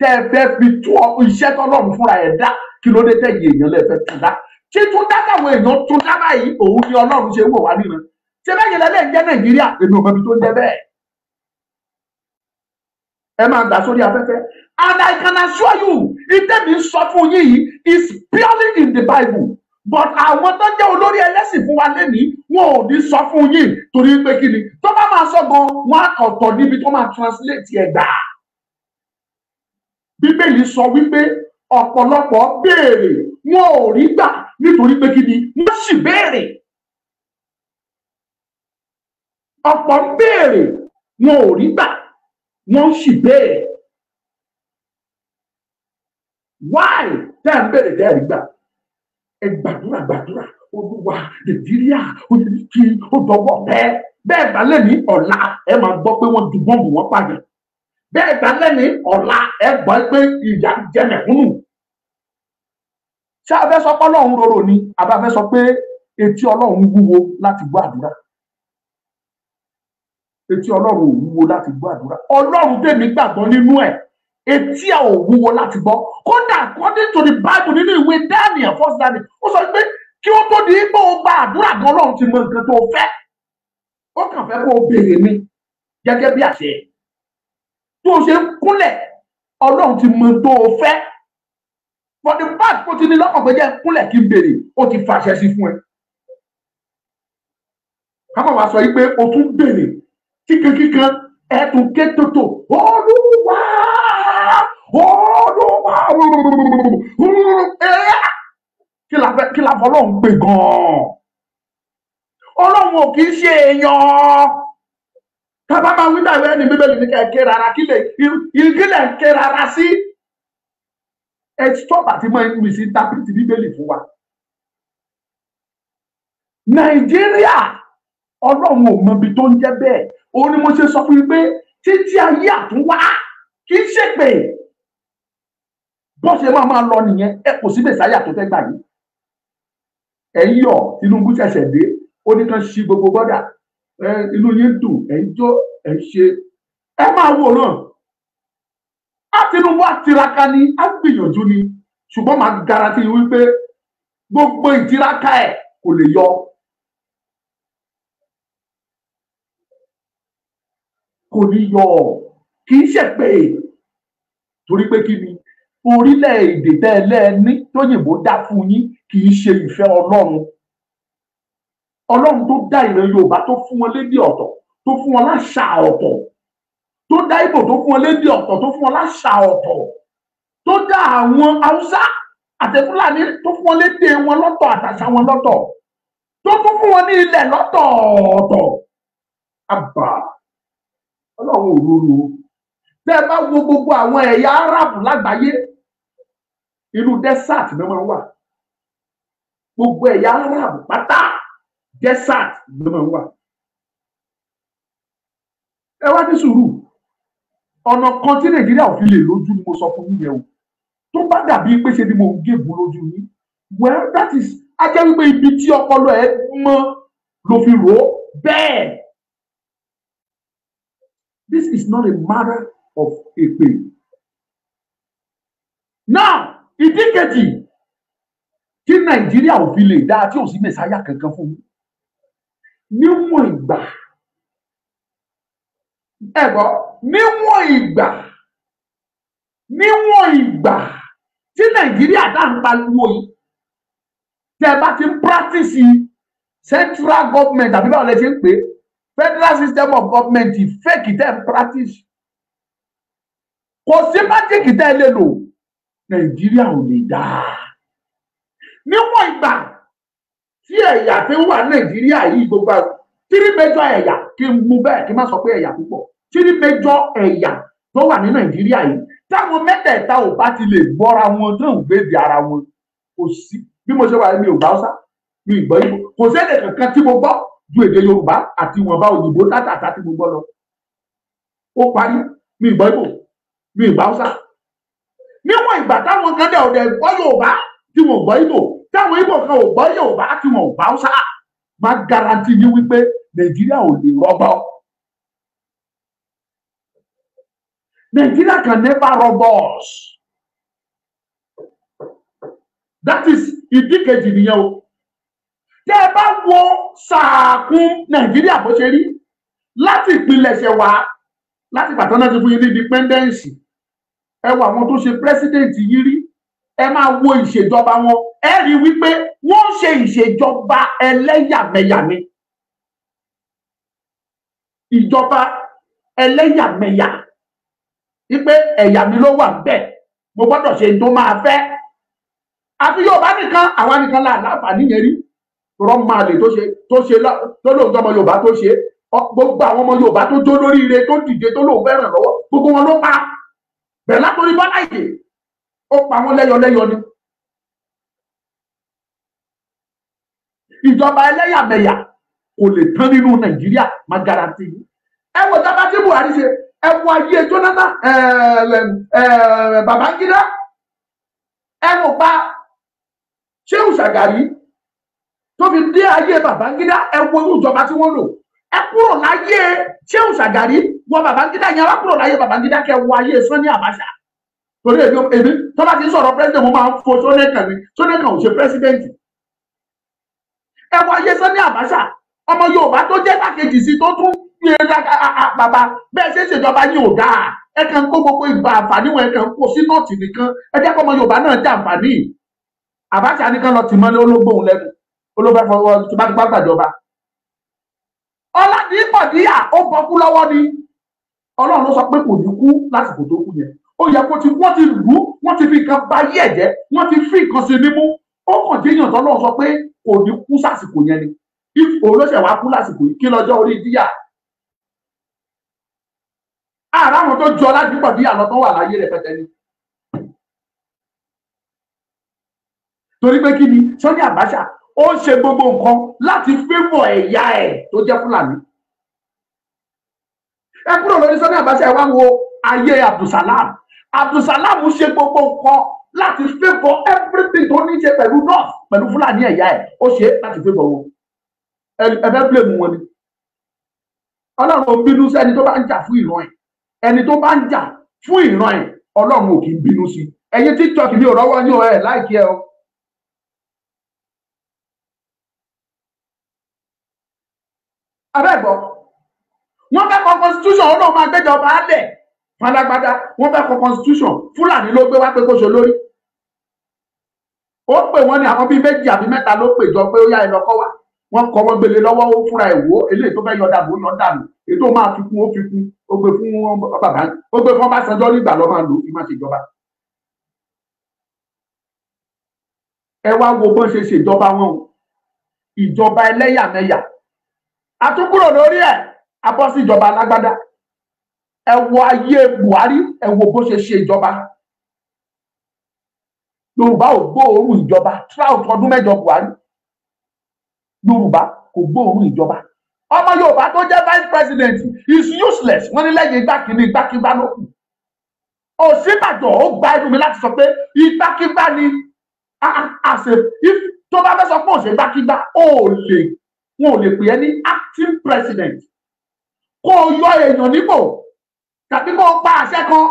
tẹ ẹ fẹ́ fi tú iṣẹ́ tọ́lọ́run fúnra ẹ̀ dá kí ló dé tẹ yìí èèyàn lè fẹ́ tún dá títún dá táwọn èèyàn tún dá báyìí òun ni Ọlọ́run ṣe ń wò wá níran ṣe bẹ́ẹ̀ yẹn lẹ́lẹ́ ń jẹ́ Nàìjíríà èmi ò mọ tó ń jẹ bẹ́ẹ̀ ẹ máa gbà sórí afẹ́fẹ́ and I can assure you ìtẹ̀mí sọ fún yín yìí is purely in the Bible but àwọn tó jẹ́ olórí ẹlẹ́sìn fún wa lẹ́nìí wọn ò ní sọ fún yín torí pé kí ni tó bá máa sọ gan wọn ọ̀tọ̀ níbi tó máa translate ẹ̀ gbà. bíbélì sọ wípé ọ̀pọ̀lọpọ̀ béèrè wọn ò rí gbà nítorí pé kí ni wọ́n sì béèrè. ọ̀pọ̀ ń béèrè wọn ò rí gbà wọ́n sì béèrè why tẹ́ ń béèrè tẹ́ ẹ̀ gbà ẹ gbàdúrà gbàdúrà olúwa nàìjíríà oyèlìkì ọdọwọ bẹ́ẹ̀ bẹ́ẹ̀ bá lẹni ọ̀la ẹ máa gbọ́ pé wọ́n ju bọ́ọ̀mù wọn pààyàn bẹ́ẹ̀ bá lẹni ọ̀la ẹ gbọ́ pé ìyá jẹ mẹ̀kúnnù ṣé a fẹ́ sọ pé ọlọ́run rorò ni àbá fẹ́ sọ pé etí ọlọ́run wúwo láti gbọ́ àdúrà etí ọlọ́run ò wúwo láti gbọ́ àdúrà ọlọ́run tèmi gbàgbọ́ nínú ẹ̀ etí ẹ̀ ò wúwo láti gbọ́ kódà according to the bible nínú ìwé daniel first daniel ó sọ pé kí ó tó di pé ó àdúrà gan ọlọ́run ti mọ nǹkan tó fẹ́ ó kàn fẹ́ kó o béèrè mi gẹ́gẹ́ bí àṣẹ tó o ṣe ń kúnlẹ̀ ọlọ́run ti mọ tó o fẹ́ for the past kó ti ní lọ́kàn pé jẹ́ kúnlẹ̀ kí n béèrè ó ti fàṣẹ sí fún ẹ ká má sọ yìí pé o tún béèrè kíkankíkan ẹ̀tún ké tòtò olúwa olúwa eh, kí la fọ ọlọ́run pè gan-an ọlọ́run ò kì í ṣe èèyàn tábà máa wí dàbí ẹni bíbélì ní kẹ̀kẹ́ rárá kí lè kí lè ké rárá sí ẹ stop àti máa ń misinterpret bíbélì fún wa nàìjíríà ọlọ́run ò mọbi tó ń jẹ́ bẹ́ẹ̀ òun ni mo ṣe sọ fún yín pé títí ayé àtúnwá kì í ṣèpè bó ṣe máa máa lọ nìyẹn ẹ kò sí mẹsàáyà tó fẹ́ gbà yìí ẹ ń yọ̀ Tinubu ṣẹ̀ṣẹ̀ dé ó ní kàn ṣí gbogbo gbọ́dà inú yín dùn ẹ ń jó ẹ ń ṣe ẹ máa wò náà á Tinubu àtiraka ni á gbìyànjú ni ṣùgbọ́n màá garanti wípé gbogbo ìtiraka ẹ̀ kò lè yọ kò ní yọ ọ kì í ṣe pé torí pé kí ni orílẹ̀-èdè tẹ́ ẹ lẹ́ẹ̀ní tóyìnbó dá fún yín kì í ṣe ìfẹ́ ọlọ́run ọlọ́run tó dá ìran yorùbá tó fún wọn lédè ọ̀tọ̀ tó fún wọn láṣà ọ̀tọ̀ tó dá ìbò tó fún wọn lédè ọ̀tọ̀ tó fún wọn láṣà ọ̀tọ̀ tó dá àwọn haúsá àti fúlàní tó fún wọn lédè wọn lọ́tọ̀ àtàṣà wọn lọ́tọ̀ tó tún fún wọn ní ilẹ̀ lọ́tọ̀ọ̀tọ̀ àbá ọlọ́run òróró o bẹ́ẹ̀ bá wo gbogbo àwọn ẹ̀yà arab lágbàáyé inú desert ni wọ́n wà gbogbo ẹ̀yà arab pátá desert ni wọ́n wà ẹ wá ní sùúrù ọ̀nà kan tí nàìjíríà ò fi lè lójú ni mo sọ fún yín o tó bá dàbí pé ṣe ni mo ń gégùn lójú yín well that is ajẹ́ wípé ibi tí ọpọlọ ẹ mọ́ ló fi rò ó bẹ́ẹ̀ This is not a matter of a pay. Now, ìdíkejì tí Nàìjíríà ò fi lè dáa tí ò sí mẹ̀sáyà kankan fún níwọ̀n ìgbà ẹ̀gbọ́n níwọ̀n ìgbà níwọ̀n ìgbà tí Nàìjíríà dá ń pariwo yìí tẹ́ ẹ bá ti ń practice central government àbí báwo lẹ ṣe ń pè é federal system of government fake tẹ́ ń practice kò sí májíkì tẹ́ ẹ lè lò nàìjíríà ò lè dáa níwọ̀n ìgbà tí ẹ̀yà tí ń wà nàìjíríà yìí gbogbo tírí mẹ́jọ ẹ̀yà kí n mú bẹ́ẹ̀ kí n má sọ pé ẹ̀yà púpọ̀ tírí mẹ́jọ ẹ̀yà tó wà ní nàìjíríà yìí táwọn mẹ́tẹ̀ẹ̀ta ò bá ti lè gbọ́ra wọn tó ń gbèdè ara wọn kò sí bí mo ṣe wà ní mi ò gbà ọ́sà mi ì gbọ́ ibo kò sẹ́ẹ̀dẹ̀ kankan tí mo gbọ́ ju èdè yorùbá àti ìwọ̀nba òyìnbó tátàtà tí mo gbọ́ lọ ó parí mi ìgbọ́ ìbò mi ìgbà ọ̀sà níwọ̀n ìgbà táwọn kan dẹ̀ ọ̀dẹ̀ gbọ́ yorùbá tí wọn gbọ́ ìbò táwọn ìbò kan ò gbọ́ yorùbá tí wọn ò gbà ọ̀sà máa garanti ní wípé nàìjíríà ò lè rọgbọ nàìjíríà can never rob us that is ìdíkejì nìyẹn o tẹ́ ẹ bá wo sàákún nàìjíríà bó ṣe rí láti ìpilẹ̀ṣẹ̀ wá láti pàtó náà ti fún yín ní independence ẹ wo àwọn tó ṣe president yín rí ẹ máa wo ìṣèjọba wọn ẹ rí wípé wọ́n ṣe ìṣèjọba ẹlẹ́yàmẹ̀yà ni ìjọba ẹlẹ́yàmẹ̀yà wípé ẹ̀yà mi ló wà bẹ́ẹ̀ mo gbọ́dọ̀ ṣe tó máa fẹ́ àfi yóò bá nìkan àwa nìkan là láǹfààní yẹn rí rọ́màlè tó ṣe tó ṣe tó lóun tọmọ yorùbá tó ṣe gbogbo àwọn ọmọ yorùbá tó jó lóríire tó dìde tó lóun fẹ́ràn lọ́wọ́ gbogbo wọn ló pa bẹ̀rẹ̀ látòrí bọ́lá ìdè ó pa wọn lẹ́yọlẹ́yọ ni. ìjọba ẹlẹ́yàmẹ̀yà kò lè tán nínú nàìjíríà má garanti yìí ẹ wo ìjọba tí buhari ṣe ẹ wo ayé jonathan babangida ẹ wo pa sheu shagari tó fi dé ayé Babangida ẹ wo irú ìjọba tí wọ́n lò ẹ kúrò láyé Shehu Shagari wọ Babangida yẹn wá kúrò láyé Babangida kẹ wọ ayé Sani Abacha torí èmi èmi tó bá ti sọ̀rọ̀ president mo máa ń fo sọ́nẹ́kàn mi sọ́nẹ́kàn ò ṣe president ẹ wọ ayé Sani Abacha ọmọ Yorùbá tó jẹ́ pàkejì sí tó tún gbé bàbá bẹ́ẹ̀ ṣe ń ṣèjọba yín ò dáa ẹ kàn kó gbogbo ìgbà àǹfààní wọn ẹ kàn kó sí nọ́ọ̀tì nìkan ẹ jẹ́ kọ́ ọmọ Yorùbá náà jẹ àǹfààní Abacha nìkan lọ tì mọ́lé ológbòhùn lẹ́nu olóbẹ́ fọwọ́ tó bá gbá gbàjọba ọládìí pàdíyà ó bọ́kú lọ́wọ́ ni ọlọ́run ló sọ pé kò ní kú lásìkò tó kú yẹn ó yẹ kó ti wọ́n ti lù ú wọ́n ti fi nǹkan ba ayé ẹ̀ jẹ́ wọ́n ti fi nǹkan sí nímú ó kàn déyàn tó lọ́wọ́ sọ pé kò ní kú sásìkò yẹn ni òun ló ṣẹ̀ wá kú lásìkò yìí kí lọ́jọ́ orí díyà ara àwọn tó jọ ọládìí pàdíyà lọ tó wà láyé rẹpẹtẹ ni torí pé kí ni sọ́ni àbáṣà ó ń ṣe gbogbo nǹkan láti fífọ̀ ẹ̀yà ẹ̀ tó jẹ́ fúlàní ẹ kúrò lórí sani Abacha ẹ wá wo ayé Abdulsalam Abdulsalam ṣe gbogbo nǹkan láti fífọ̀ everything tó ní ṣe pẹ̀lú north pẹ̀lú fúlàní ẹ̀yà ẹ̀ ó ṣe láti fífọ̀ wọn ẹ fẹ́ blame wọn ni ọlọ́run ò ń bínú sí ẹni tó bá ń jà fún ìran ẹ̀ ẹni tó bá ń jà fún ìran ẹ̀ ọlọ́run ò kì í bínú sí ẹ̀yin tí tọ́kì mi ò rọ́wọ́ yín ọ ẹ̀ láìkí ẹ o constitution ó náà máa gbéjọba á lẹ̀ pálágbádá wọ́n fẹ́ kọ constitution fúlàní ló gbé wá pé kó ṣe lórí ó pè wọ́n ní àwọn bíi méjì àbí mẹ́ta ló pè jọ pé ó yá ẹ lọ́kọ́ wá wọ́n kọ́ wọ́n gbélé lọ́wọ́ ó fúnra ẹ̀ wò eléyìí tó fẹ́ yọ dàbò yọ dànù ètò máa fi kún ó fi kún ó gbé fún bàbá ó gbé fún Ọbásanjọ́ nígbà lọ́ máa lò kí má ṣe jọba. ẹ wá wo bọ́n ṣe ṣèjọba wọn ìjọba ẹlẹ́yàmẹ̀yà àtúkúrò lórí ẹ̀ abọ́ sí ìjọba alágbádá ẹ wo ayé Buhari ẹ wo bó ṣe ṣe ìjọba Yorùbá ò gbóòórùn ìjọba trout ọdún mẹ́jọ Buhari Yorùbá kò gbóòórùn ìjọba ọmọ Yorùbá tó jẹ́ vice president is useless wọ́n ní lẹ́yìn igbákiri igbákigbá ló kù Ọ̀ṣínbàjò ó gba inú mi láti sọ pé igbákigbá ni àṣẹ ah, ah, tó bá fẹ́ sọ pé òṣèlú igbákigbá ó lè wọn ò lè pè é ní acting president kó o yọ èèyàn nípò tàbí kó o pa àṣẹ kan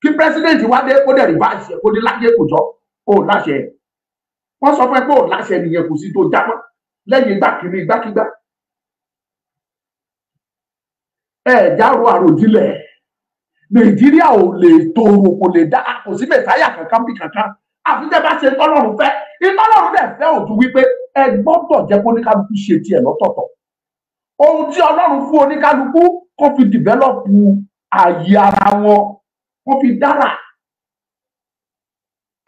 kí pírẹsidẹ́ǹtì wá dé kó dẹ̀ rí bá ṣe kó ní láyé kò jọ kó o láṣẹ wọ́n sọ fún ẹ pé o láṣẹ nìyẹn kò sí tó jámọ́ lẹ́yìn igbákiri igbákigbá ẹ járo àròjinlẹ̀ nàìjíríà ò lè tòrò kò lè dá kò sí mẹsáyà kankan bí kankan àfi tẹ bá ṣe tọ́lọ́run fẹ́ ìtọ́lọ́run dẹ̀ fẹ́ òtún wípé ẹ gbọ́dọ̀ jẹ́ kó ní kálukú ṣe tiẹ̀ lọ́tọ̀ọ̀tọ̀ ohun tí ọlọ́run fún oníkálukú kó fi dìbẹ́lọ́pù ààyè ara wọn kó fi dára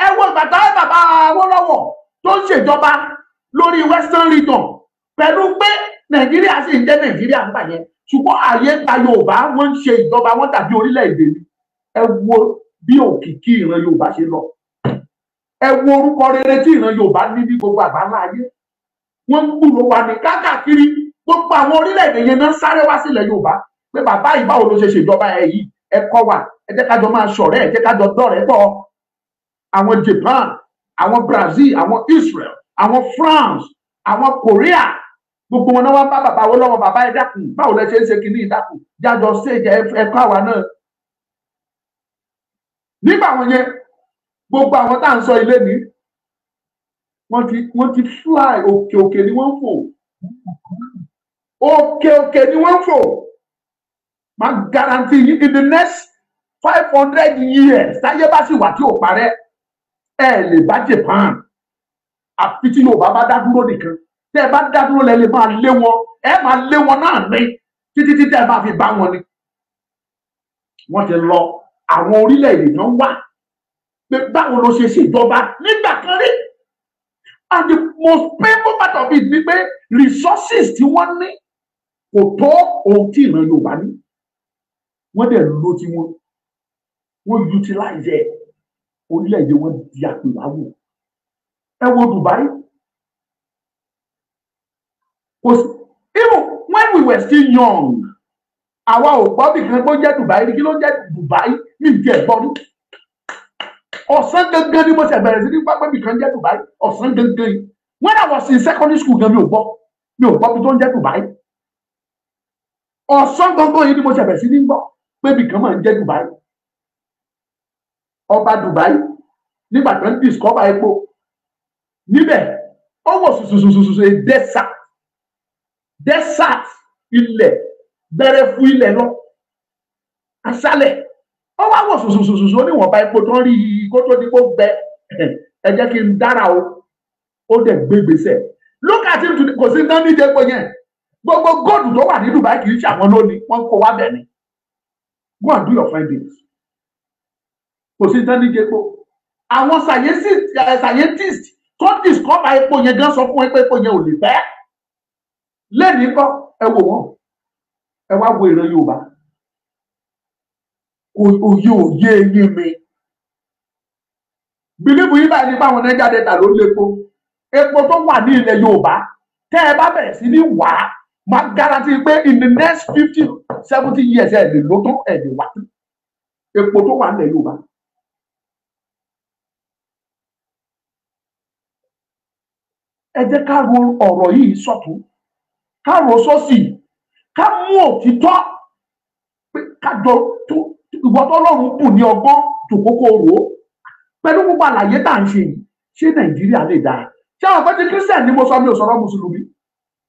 ẹ wo bàtà bàbá Awólọ́wọ̀ tó ń ṣèjọba lórí western region pẹ̀lú pé nàìjíríà sì ń jẹ́ nàìjíríà ń bàyẹn ṣùgbọ́n ààyè ń ta yorùbá wọ́n ń ṣe ìjọba wọn tàbí orílẹ̀-èdè ni ẹ wo bí òkìkí ìran yorùbá ṣe lọ ẹ wo orúkọ rere tí ìran yorùbá ní ní gbogbo àgbáńlá ayé wọ́n ń gbúròó wa ní káàkiri gbogbo àwọn orílẹ̀-èdè yẹn náà sáré wá sílẹ̀ yorùbá pé bàbá yìí báwo ló ṣe ṣèjọba ẹ yìí ẹ kọ́ wa ẹ jẹ́ kájọ máa ṣọ̀rẹ́ ẹ jẹ́ kájọ dọ̀rẹ́ pọ̀ àwọn japan àwọn brazil àwọn israel àwọn france àwọn korea gbogbo wọn náà wá bá bàbá wọn lọ́wọ́ bàbá ẹ dákun báwo lẹ ṣe ń ṣe kínní ìdákun jájọ ṣèjẹ ẹ̀kọ́ àwa náà nígbà wọn yẹn gbogbo àwọn tá à ń sọ ilé ní wọ́n ti wọ́n ti fly òkè òkè ni wọ́n fò Okay, okay. ni wọ́n ń fò guarantee you in the next five hundred years táyé bá sì wà tí ò parẹ́ ẹ lè bá Japan àfi tí Yorùbá bá dá dúró nìkan tẹ́ ẹ bá dá dúró lẹ lè máa lé wọn ẹ máa lé wọn náà ní títí títí ẹ bá fi bá wọn ni wọ́n ti lọ àwọn orílẹ̀-èdè kan wà pé báwo ló ṣe ṣèjọba nígbà kan rí and the most painful part of it ni pé resources tí wọ́n ní kò tó ohun tí ìran yorùbá ní wọ́n dẹ̀ lò tí wọn wọ́n utilize ẹ̀ orílẹ̀-èdè wọn di àpèwáwò ẹ wo Dubai kò sí even when we were still young àwa ò gbọ́ bí kan kó jẹ́ Dubai kí ló jẹ́ Dubai ní ìdí ẹ̀gbọ́n ní ọ̀sán gangan ni mo ṣe bẹ̀rẹ̀ sí ní pápẹ́ bí kan jẹ́ Dubai ọ̀sán gangan when I was in secondary school gan mi ò gbọ́ mi ò gbọ́ bí tó ń jẹ́ Dubai ọ̀sán gbọ́ngbọ́n yìí ni mo ṣẹ̀bẹ̀ sí ní gbọ́ pé ibìkan máa ń jẹ́ Dubai ọba Dubai nígbà tó ń discover epo níbẹ̀ ó wò sùsùsùsùsù desert desert ilẹ̀ bẹ̀rẹ̀ fún ilẹ̀ lọ aṣálẹ̀ ó wá wò sùsùsùsùsù oníwọ̀nba epo tó ń rí i kó tó ní kó gbẹ ẹ jẹ́ kí n dára o ó dẹ̀ gbégbèsè lókàtí kò sí náà nídìí yẹn gbogbo góòlù tó wà ní Dubai kì í ṣe àwọn lónìí wọ́n kó wá bẹ̀ ni go and do your findings kò sí tán ní jẹ́pọ̀ àwọn eh, scientist tó discover epo yẹn gan sọ fún ẹ pé epo yẹn ò lè fẹ́ lẹ́nìí kọ́ ẹ wò wọ́n ẹ wá wo ìran Yorùbá òye òye eyín mi bìlíbù yìí báyìí nípa àwọn Niger Delta ló lépo epo tó wà ní ilẹ̀ Yorùbá tẹ́ ẹ bá bẹ̀rẹ̀ sí ní wàá máa guarantee pé in the next fifty seventy years ẹ̀ lè ló tán ẹ̀ lè wá tán epo tó wà nílẹ̀ Yorùbá. ẹ jẹ́ ká ro ọ̀rọ̀ yìí sọ̀tún ká ro sọ́sì ká mú òtítọ́ pé ká jọ tó ìwọ tọ́lọ́run bù ní ọgbọ́n tòkókó rò ó pẹ̀lú gbogbo àlàyé tá à ń ṣe yìí ṣé Nàìjíríà lè dáa ṣé àwọn pẹ́ẹ́tì Christian ni mo sọ mi ò sọ̀rọ̀ Mùsùlùmí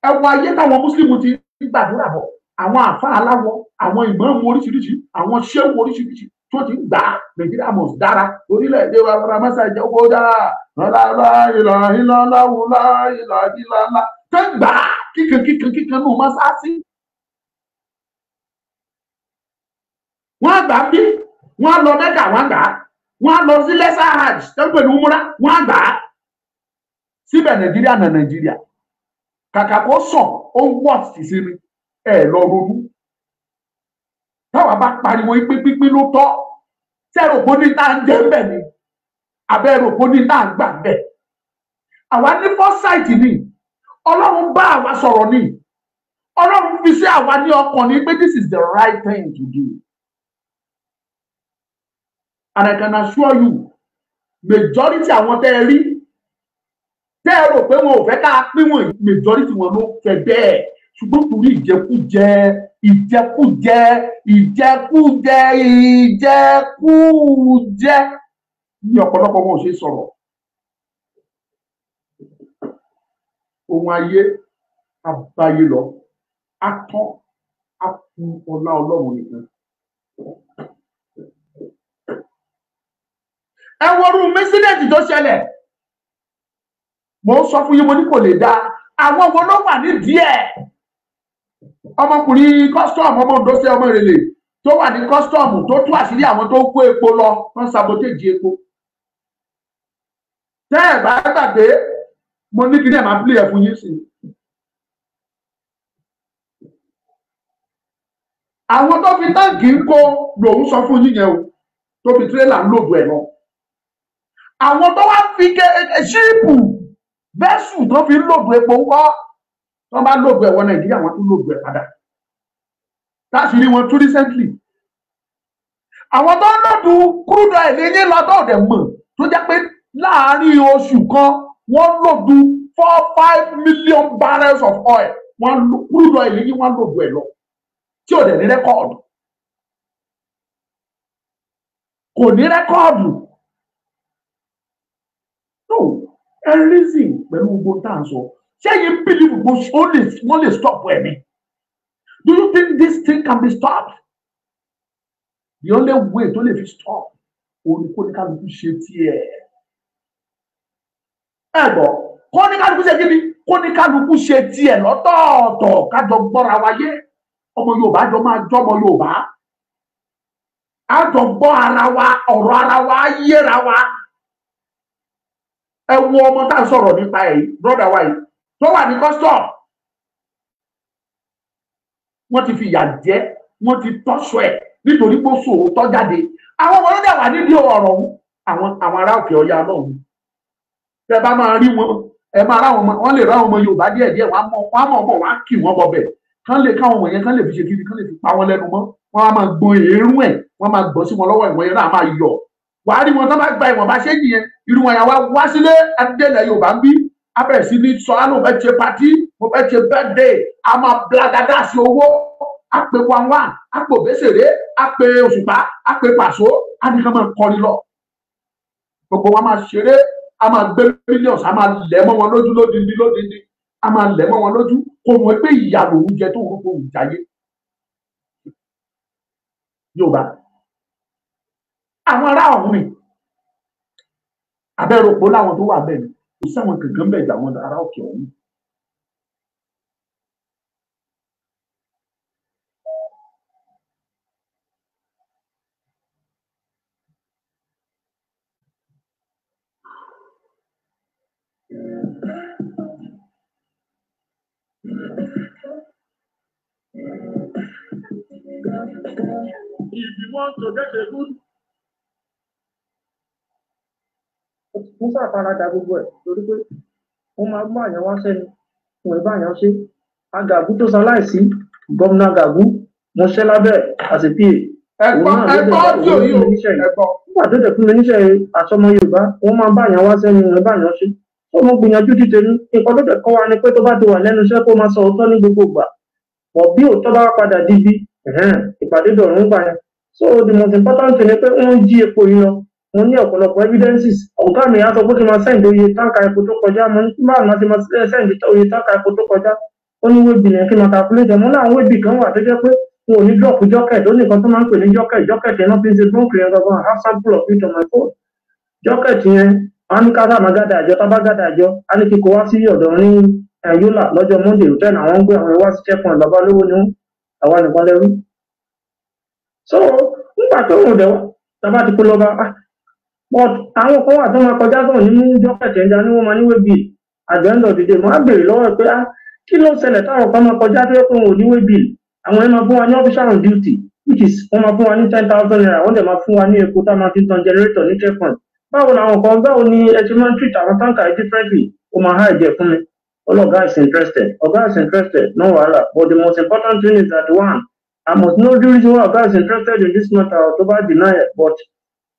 ẹ wo ayé táwọn mùsùlùmí ti ń gbàdúrà bọ̀ àwọn àfáà aláwọ̀ àwọn ìmáàmù oríṣiríṣi àwọn ṣéwù oríṣiríṣi tó ti ń gbà á nàìjíríà mọ̀ dára orílẹ̀-èdè wa ramasa ìjẹ́ owó dára rárá ìlà ìlà láwùlá ìlà ìlà ńlá tó ń gbà á kíkan kíkan kíkan nù mọ́sáàsì. wọ́n àgbà bí wọ́n á lọ mẹ́kà wọ́n àgbà wọ́n á lọ sí lẹ́sà hajj tẹ́lifẹ̀ ní umura wọ́n àgbà síbẹ̀ nàìjíríà nà nàìjíríà kàkà kó sàn ó wọ́n sì sí mi ẹ lọ ronú táwa bá pariwo yín pínpín ló tọ́ sẹ́rò kó ní tá à ń jẹ́ bẹ̀ ni abẹ́rò kó ní tá à ń gbà bẹ̀ àwa ní fọ́sáìtì ni ọlọ́run bá àwa sọ̀rọ̀ ni ọlọ́run fi sí àwa ní ọkàn ni pé this is the right thing to do and I can assure you majority àwọn tẹ́ ẹ rí tẹ́ ẹ rò pé wọn ò fẹ́ ká pín wọn majority wọn ló fẹ́ bẹ́ẹ̀ ṣùgbọ́n torí ìjẹkújẹ ìjẹkújẹ ìjẹkújẹ ìjẹkújẹ ní ọ̀pọ̀lọpọ̀ wọn ò ṣe sọ̀rọ̀ ohun ayé abayé lọ atọ́ afu ọlá ọlọ́run nìkan. ẹ wọrú mẹsídẹ̀ẹ̀tì tó ṣẹlẹ̀ mo ń sọ fún yín mo ní kò lè dáa àwọn ọmọ ló wà nídìí ẹ̀ ọmọkùnrin custom ọmọ òdòsẹ ọmọ ìrèlè tó wà ní custom tó tú àṣírí àwọn tó ń kó epo lọ wọn sabotage epo tẹ́ ẹ̀ bá gbàgbé mo ní kí ni ẹ̀ máa play ẹ̀ fún yín sí i. àwọn tó fi táǹkì ń kó lòun sọ fún yíyẹn o tó fi tírélà ń lòdù ẹ̀ lọ àwọn tó wá fi ṣíìpù vẹ́sù tó fi lògùn epo wọ́ tó bá lògùn ẹ̀wọ̀ nàìjíríà wọn tún lògùn ẹ̀ padà láti rí wọn tún recently àwọn tó ń lòdùn crude oil ní lọ́dọ̀ ọ̀dẹ̀ mọ̀ tó jẹ́ pé láàárín oṣù kan wọ́n lòdùn four five million barrels of oil wọ́n crude oil ní wọ́n lòdùn ẹ̀ lọ tí ò dẹ̀ ní rẹ́kọ̀dù kò ní rẹ́kọ̀dù ẹ rízì pẹ̀lú gbogbo tá à ń sọ ṣé yín bílíìfù gbogbo wọ́n lè stop ẹ̀ mi do you think this thing can be stopped the only way tó lè fi stop òun kò ní kálukú ṣe tiẹ̀ ẹ gbọ́ kò ní kálukú ṣe kíbi kò ní kálukú ṣe tiẹ̀ lọ́tọ̀ọ̀tọ̀ kájọ gbọ́ra wáyé ọmọ Yorùbá jọ máa jọ ọmọ Yorùbá àjọ gbọ́ ara wa ọ̀rọ̀ ara wa yéra wa ẹ wo ọmọ tá à ń nípa ẹ̀ yìí brother tó wà ní custom wọ́n ti fi ìyà jẹ wọ́n ti tọ́sọ ẹ̀ nítorí pé ó sòótọ́ jáde àwọn ọmọ lọ́dẹ̀ wà nídìí ọ̀rọ̀ ọ̀hún àwọn ará òkè ọ̀yà lọ́hùn tẹ bá máa rí wọn ẹ máa ráwọn ọmọ wọn lè ráwọn ọmọ yorùbá díẹ̀ díẹ̀ wọn á mọ ọmọ wọn á kì wọn bọbẹ kán lè káwọn ọmọ yẹn kán lè fi ṣe kiri kán lè fi pa wọn lẹ́nu mọ́ wọn á máa gbọn èérún ẹ wọn á máa gbọn sí wọn lọ́wọ́ ìwọn náà á máa yọ wà á rí wọn tó bá gba ìwọ̀nba ṣéjì yẹn irú wọn yà wá wá sílé adélẹ̀ yorùbá ń bí abẹ́rẹ́ sí ní sọ á ló ṣe pati mo fẹ́ ṣe birthday a máa blagada sí owó a pe wanwa a pe òbẹ́sẹ̀rẹ́ a pe òṣùpá a pe pàṣọ a ní ká máa kọrin lọ gbogbo wa máa ṣeré a máa gbé millions a máa lẹ̀ mọ́ wọn lójú lódindi lódindi a máa lẹ̀ mọ́ wọn lójú kò mọ̀ pé ìyá lòun jẹ tó orúkọ òun jáyé yorùbá àwọn ará ọ̀hún ni abẹ́rò pọ̀ láwọn tó wà bẹ́ẹ̀ ni kò sẹ́wọ̀n kankan bẹ́ẹ̀ jà wọn ará òkè ọ̀hún. If you want to get a good musa farada gbogbo ẹ̀ torí pé wọ́n máa gbọ́ àyàn wá sẹ́nu wọ́n ẹ̀ bá àyàn ṣe agàgú tó ṣaláìsí gómìnà gàgú mo ṣẹ́ lábẹ́ àṣepì ẹ̀kọ́ ẹ̀kọ́ ọ̀dọ̀ yìí ẹ̀kọ́. nígbà tó dẹ̀kun mi níṣẹ́ àsọmọ yorùbá wọ́n máa bá àyàn wá sẹ́nu ẹ̀ bá àyàn ṣe ó mọ gbìyànjú ti tèmi nǹkan tó dẹ̀kọ́ wa ni pé tó bá ti wà lẹ́nu iṣẹ́ kó máa sọ òótọ́ ní gbogbo ìgbà wọ́n bí òótọ́ bá padà di bí ìpàdé dọ̀rùn gbà yẹn so the most important thing ni pé wọ́n jí epo yìí lọ mo ní ọ̀pọ̀lọpọ̀ evidences ọ̀gá mi á sọ pé kí n máa sẹ́ǹdì oye táǹkà epo tó kọjá mo ní máa máa ti máa sẹ́ǹdì oye táǹkà epo tó kọjá ó ní wébì yẹn kí n máa calculate mo láwọn wébì kan wà tó jẹ́ pé ò ní drop jọ́kẹ̀t ó ní tó máa ń pè ní jọ́kẹ̀t jọ́kẹ̀t yẹn náà a ní ká sáà àjọ àjọ a ní wá sí ọ̀dọ̀ ní eh, lọ́jọ́ monday but àwọn kan wà tó máa kọjá tó ní mú jọ́kẹ̀tẹ̀ ẹja ni wọ́n máa níwé bíi àgbẹ̀ńdọ̀ dìde mọ́ á béèrè lọ́wọ́ pé á ah, kí ló ṣẹlẹ̀ táwọn kan máa kọjá tó yẹ pé wọn ò níwé àwọn ẹ̀ máa fún wa ní official on duty which is wọn máa fún wa ní ten thousand naira wọn dẹ̀ máa fún wa ní epo tá a máa fi tan generator ní checkpoint báwo ni ẹ ti máa treat àwọn tanker differently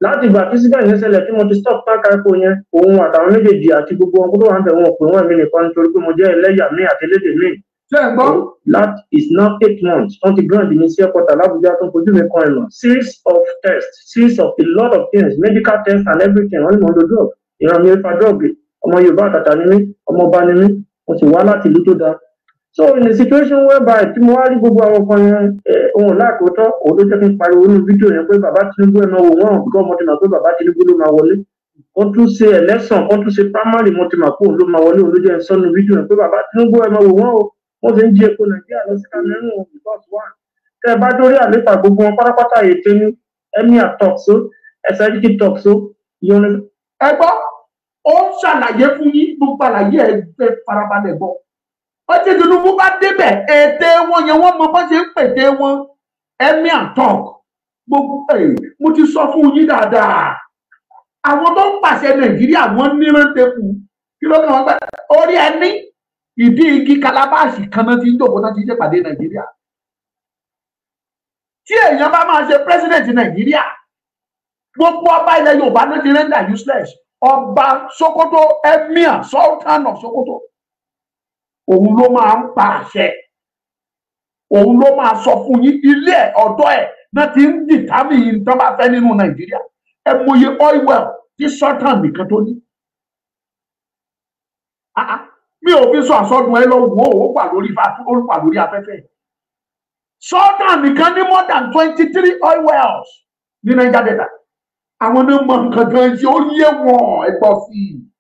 láti ìgbà tí sígá yẹn ṣẹlẹ̀ tí mo ti stop pákàkó yẹn òun àtàwọn méjèèjì àti gbogbo ohun tó wà ń bẹ̀ wọn pè wọ́n mi nìkan nítorí pé mo jẹ́ ẹlẹ́yà mi àti elédè mi. ṣé ẹ gbọ́. that is now eight months wọ́n ti grant mi sí ẹ̀kọ́tà lábújá tó ń fojú mi kan ẹ̀nà series of tests series of a lot of things medical tests and everything wọ́n ní mo ń lo drug ìran mi fa drug ọmọ Yorùbá àtàtà ni mí ọmọ ọba ni mí mo sì wá láti ìlú tó dáa so in a situation whereby tí mo wá rí gbogbo àwọn kan yẹn ohun láàkótọ́ òun ló jẹ́ kí n pariwo nínú fídíò yẹn pé bàbá Tinubu ẹ̀ náà wò wọ́n bí wọ́n ti mọ̀ pé bàbá Tinubu ló máa wọlé wọ́n tún ṣe election wọ́n tún ṣe primary mo ti mọ̀ pé òun ló máa wọlé òun ló jẹ́ sọ́nù fídíò yẹn pé bàbá Tinubu ẹ̀ máa wò wọ́n o wọ́n fi ń jí epo Nàìjíríà lọ sí Cameroon because one tẹ́ ẹ bá dórí àléfà gbogbo wọn pátápátá ètè ní emir tokso ẹsẹ̀ríkì tokso yọ̀nù. ẹ gbọ́ ó ṣàlàyé fún yín gbogbo àlàyé ẹ farabalẹ̀ gbọ́ ó ti Tinubu bá débẹ̀ ète wọn yẹn wọ́n mọ bá ṣe ń pète wọn emir talk gbogbo ẹ̀ mo ti sọ fún yín dáadáa àwọn tó ń pàṣẹ Nàìjíríà wọ́n nírántẹ́kù kí ló kàn wọ́n pẹ́ orí ẹni ìdí igi kalabaasi kan náà ti ń jòkó náà ti ń ṣèpàdé Nàìjíríà tí èèyàn bá máa ṣe president Nàìjíríà gbogbo ọba ilẹ̀ Yorùbá ló ti rẹ́ńdà useless ọba Sokoto emir sultan of Sokoto òun ló máa ń pa àṣẹ òun ló máa sọ fún yín ilé ẹ̀ ọ̀dọ̀ ẹ̀ náà ti ń dìtámì yìí tán bá fẹ́ nínú nàìjíríà ẹ mọye oil well tí sọtàn nìkan tó ní mi ò fi sọ àsọdùn ẹ lọ wò ó wà lórí olùpà lórí afẹ́fẹ́ sọtàn nìkan ní more than twenty three oil wells ní nàìjíríà àwọn náà mọ nǹkan gan ṣe ó yé wọn ẹ gbọ́ sí i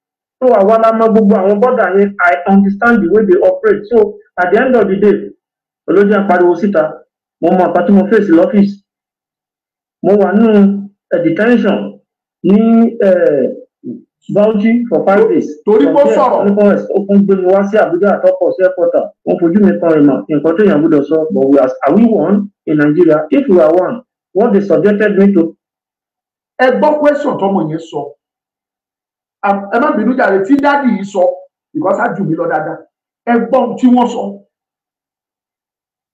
so àwa la mọ gbogbo àwọn bọ́dà yẹn i understand the way they operate so at the end of the day olójà pariwo síta mo mọ àpá tí mo fèsì lọ́fíìsì mo wà nínú eh, detention ní eh, Bauchi for five days torí kó sọ̀rọ̀ ó fún gbé mi wá sí Àbújá àtọ́kọ̀ sí ẹ̀kọ́tà wọ́n fojú mi kan ìmọ̀ nǹkan tó yàn gbọ́dọ̀ sọ but we are are we one in Nigeria if we are one what they subjected me to. ẹ gbọ́ pẹ́sàn tọmọ yẹn sọ. So ẹ má bínú jàre tí dádì yìí sọ ìkọ́sá jù mí lọ dáadáa ẹ gbọ́ ohun tí wọ́n sọ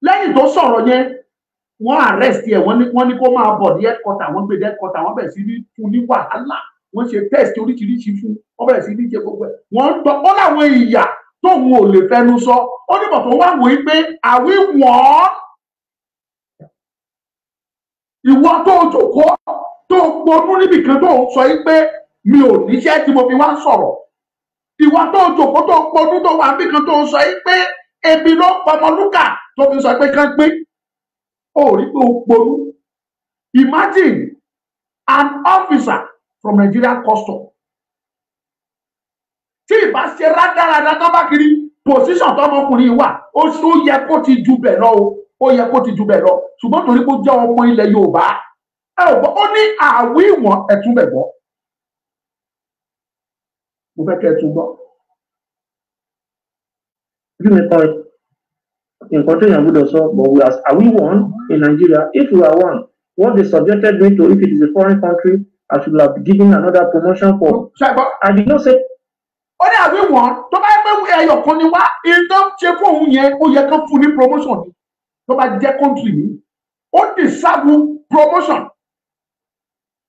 lẹ́yìn tó sọ̀rọ̀ yẹn wọ́n arrest ẹ̀ wọ́n ní kó máa bọ̀ ní headquarter wọ́n gbé ní wọ́n bẹ̀rẹ̀ sí ní fún ní wàhálà wọ́n ṣe test oríṣiríṣi fún wọ́n bẹ̀rẹ̀ sí ní ṣe gbogbo ẹ̀ wọ́n ń gbọ́ ó láwọn ìyà tóun ò lè fẹnu sọ ó ní bọ̀ tó wà wọ́n pé àwí wọ́n ìwọ tó jòkó tó gbónú níbìkan tó sọ pé mi ò níṣẹ́ tí mo fi wá sọ̀rọ̀ ìwà tó o jòkó tó o ponú tó wà nìkan tó o sọ yìí pé ebi ló pọmọlúkà tó fi sọ pé kán o rí pé o ponú imagine an officer from Nigeria custom tí ìbá ṣe rádaràdà tó bá kiri position tọmọkùnrin wà ó yẹ kó ti ju bẹ́ẹ̀ lọ o ó yẹ kó ti ju bẹ́ẹ̀ lọ ṣùgbọ́n torí kó jẹ́ ọmọ ilẹ̀ Yorùbá ẹ ò gbọ́ ó ní àwí ìwọ̀n mo fẹ́ kẹ́ ẹ tún gbọ́. ojú mi kan nǹkan tó yàn gbọ́dọ̀ sọ but we are, we one in Nigeria if we are one what they subjected me to if it is a foreign country I should have given another promotion for. I did not say. ó ní àwí wọn tó bá gbé ẹyọ kan ni wá iná ṣe fún òun yẹn ó yẹ kán fún ní promotion ni tó bá jẹ́ country mi ó deserve promotion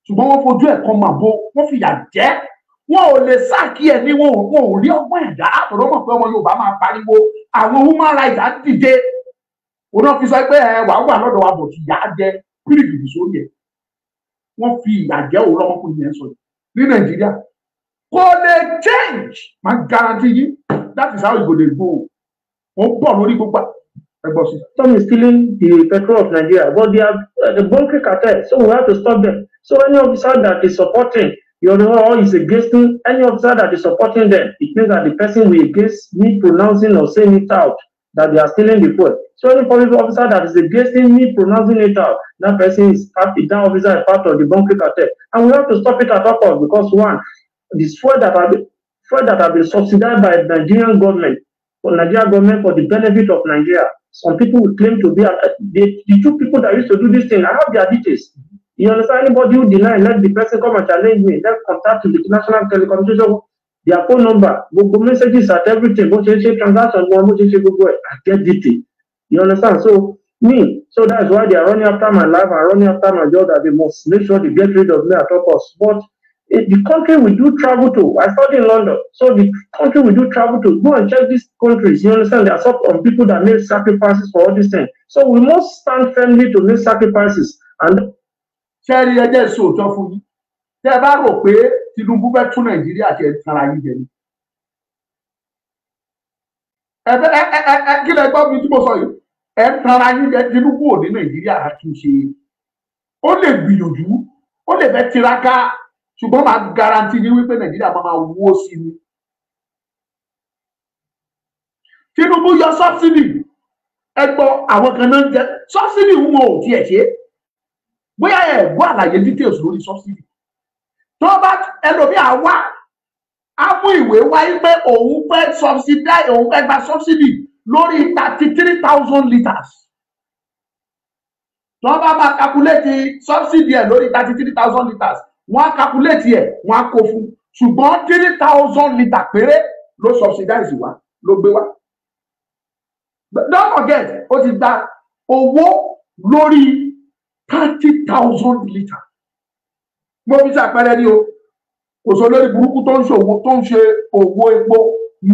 ṣùgbọ́n wọ́n fojú ẹ̀ kan màbo wọ́n fìyà jẹ wọn ò lè sáàkì ẹ ní wọn ò rí ọgbọ́n ẹ̀dá àtọ̀rọ̀ mọ̀ pé ọmọ Yorùbá máa pariwo àwọn human rights á dìde òun náà fi sọ pé ẹ wà wà lọ́dọ̀ wa bò tí yà á jẹ pírìgìrì sórí ẹ wọn fi ìyà jẹ òun lọmọkùnrin yẹn sọ ní Nàìjíríà kò lè change máa guarantee yín that is how you go dey go ó ń bọ̀ lórí gbogbo ẹgbọ́n sí. some is stealing the petrol of Nigeria but they are uh, the bunkery cartel so we have to stop them so any officer that is supporting Your law is against any officer that is supporting them. It means that the person will against me pronouncing or saying it out that they are stealing the fuel. So any police officer that is against me pronouncing it out, that person is part, that officer is part of the bunker cartel. And we have to stop it at all costs because one, the fuel that have been, fuel that have been subsidized by the Nigerian government, for Nigerian government for the benefit of Nigeria. Some people will claim to be, uh, the, the two people that used to do this thing, I have their details. You understand? Anybody who deny, let the person come and challenge me. Let's contact to the National Telecommunication. Their phone number, Google messages at everything, what you say, transaction, what you say, Google, I get it. You understand? So, me, so that's why they are running after my life and running after my job that they must make sure they get rid of me at all costs. But it, the country we do travel to, I study in London, so the country we do travel to, go and check these countries. You understand? They are sort on people that make sacrifices for all these things. So we must stand firmly to make sacrifices. And kẹrí ẹjẹ ìṣòótọ́ fún yín tẹ bá rò pé Tinubu fẹ́ tún Nàìjíríà jẹ tara yín jẹ ni ẹ ẹ ẹ ẹ kí lẹ gbọ́ mi tí mo sọ yìí ẹ tara yín jẹ Tinubu ò ní Nàìjíríà àtúnṣe ó lè gbìyànjú ó lè fẹ́ tiraka ṣùgbọ́n màá garanti yín wípé Nàìjíríà máa wó sí ni Tinubu yọ sọ́sídì ẹ gbọ́ àwọn kan náà ń jẹ sọ́sídì wọn ò tiẹ̀ ṣe é bóyá ẹ gbọ́ àlàyé details lórí subsidy tó bá ẹlòmíà wá á mú ìwé wáyé pé òun fẹ́ subsidize òun fẹ́ gba subsidy lórí thirty three thousand litres tó bá máa calculate subsidy ẹ lórí thirty three thousand litres wọ́n á calculate ẹ wọ́n á kó fún ṣùgbọ́n three thousand litres péré ló subsidize wa ló gbé wa don't forget ó ti gba owó lórí thirty thousand litre mo fi ṣàpẹẹrẹ ní o kò sọ lórí burúkú tó ń ṣòwò tó ń ṣe òwò epo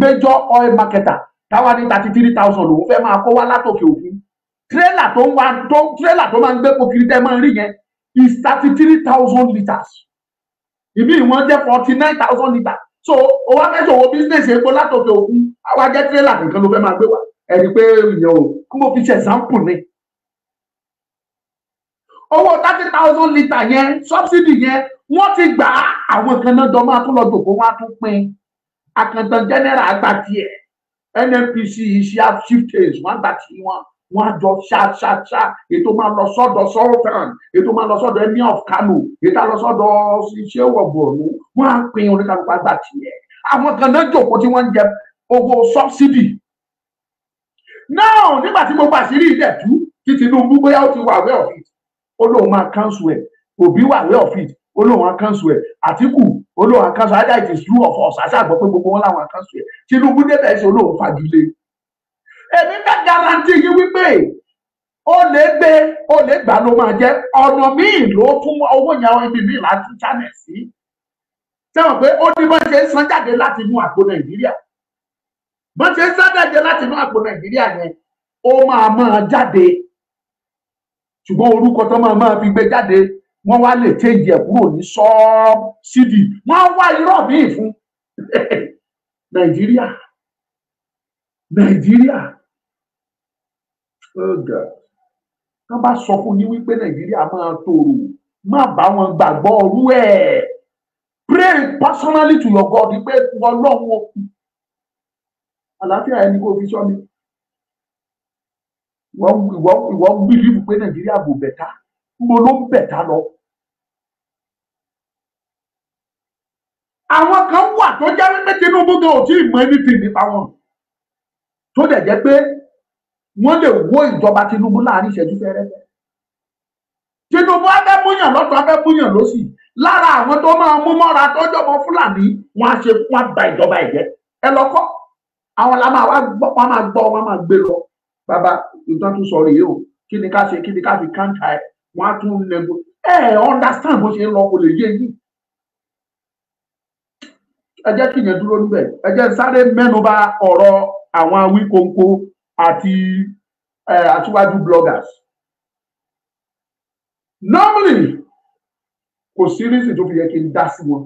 major oil marketer táwa ní thirty three thousand lòún fẹ́ máa kó wá látòkè òkun tírélà tó ń wá tó tírélà tó máa ń gbé pokiri tẹ́ máa ń rí yẹn is thirty three thousand litres ìbí ìwọ̀n jẹ́ forty nine thousand litres so owó afẹ́sọ̀ owó business epo látòkè òkun àwa jẹ́ tírélà nìkan ló fẹ́ máa gbé wá ẹni pé ìyẹn o kí mo fi ṣe sample ni owó thirty thousand litre yẹn subsidy yẹn wọ́n ti gbà á àwọn kan náà dán máa tún lọ dògbò wọ́n á tún pín akantan general gba tiẹ̀ nnpc iṣẹ́ chieftains wọ́n gba tí wọ́n wọ́n á jọ ṣáṣáṣá ètò máa lọ sọ́dọ̀ sultan ètò máa lọ sọ́dọ̀ emir of kano ètò àlọ sọ́dọ̀ iṣẹ́ wọgbọnú wọ́n á pín oníkàlùkù àgbà tiẹ̀ àwọn kan náà jòkó tí wọ́n ń jẹ owó subsidy náà nígbà tí mo gbà sí rí ìdẹ̀tú tí tinubu bóyá ó ti wà aware of it ó lóun máa kánṣu ẹ̀ òbí wà way of it ó lóun á kánṣu ẹ̀ àtìkù ó lóun á kánṣu ajá it is true of us àṣà àgbọ̀ pé gbogbo wọn làwọn á kánṣu ẹ̀ tinubu débẹ̀ ṣe olóun fagilé èmi fẹ́ garanti yín wípé ó lè gbé ó lè gbà ló máa jẹ ọ̀nà míì ló tún owó yẹn ibi míì láti channel sí sẹ́wọ̀n pé ó ní bọ́n ṣe ń san jáde láti inú àpò nàìjíríà bọ́n ṣe ń san jáde láti inú àpò nàìjíríà yẹn ó máa máa jáde ṣùgbọ́n orúkọ tó máa máa fi gbé jáde wọ́n wá lè téèjì ẹ̀ kúrò ní sọ́ọ́sídì wọ́n wá irọ́ míì fún (laughs) nàìjíríà nàìjíríà wọ́n oh bá sọ fún yín wípé nàìjíríà máa tòrò má bá wọn gbàgbọ́ ọrú ẹ̀ pray personally to your God pé ọlọ́run o àlàáfíà ẹni kò fi sọ mi ìwọ ń bílíìfù pé nàìjíríà bò bẹ̀tà mo ló ń bẹ̀tà lọ. àwọn kan wà tó jẹ́ pé Tinubu gan ò tí ì mọ anything nípa wọn tó dẹ̀ jẹ́ pé wọ́n lè wó ìjọba Tinubu láàrin ìṣẹ́jú fẹ́rẹ́fẹ́. Tinubu á fẹ́ múyàn lọ́tọ̀ á fẹ́ múyàn lọ́sì lára àwọn tó máa mú mọ́ra tọ́jọ́mọ Fúlàní wọn á ṣe wọn á ba ìjọba ẹ̀jẹ̀ ẹ lọ kọ́ àwọn la máa wá gbọ́ wọn máa gbọ́ wọn máa gbé lọ bàbá ìtàn tún sọ rèé o kí ni ká ṣe kí ni ká fi káńtà ẹ wọn á tún lẹgbọ ẹ ẹ understand bó ṣe ń lọ kò lè yé yín ẹ jẹ́ kí yẹn dúró níbẹ̀ ẹ jẹ́ sáré mẹ́nuba ọ̀rọ̀ àwọn awíkonko àti àtiwájú bloggers normally kò sí reason tó fi yẹ kí n dá sí wọn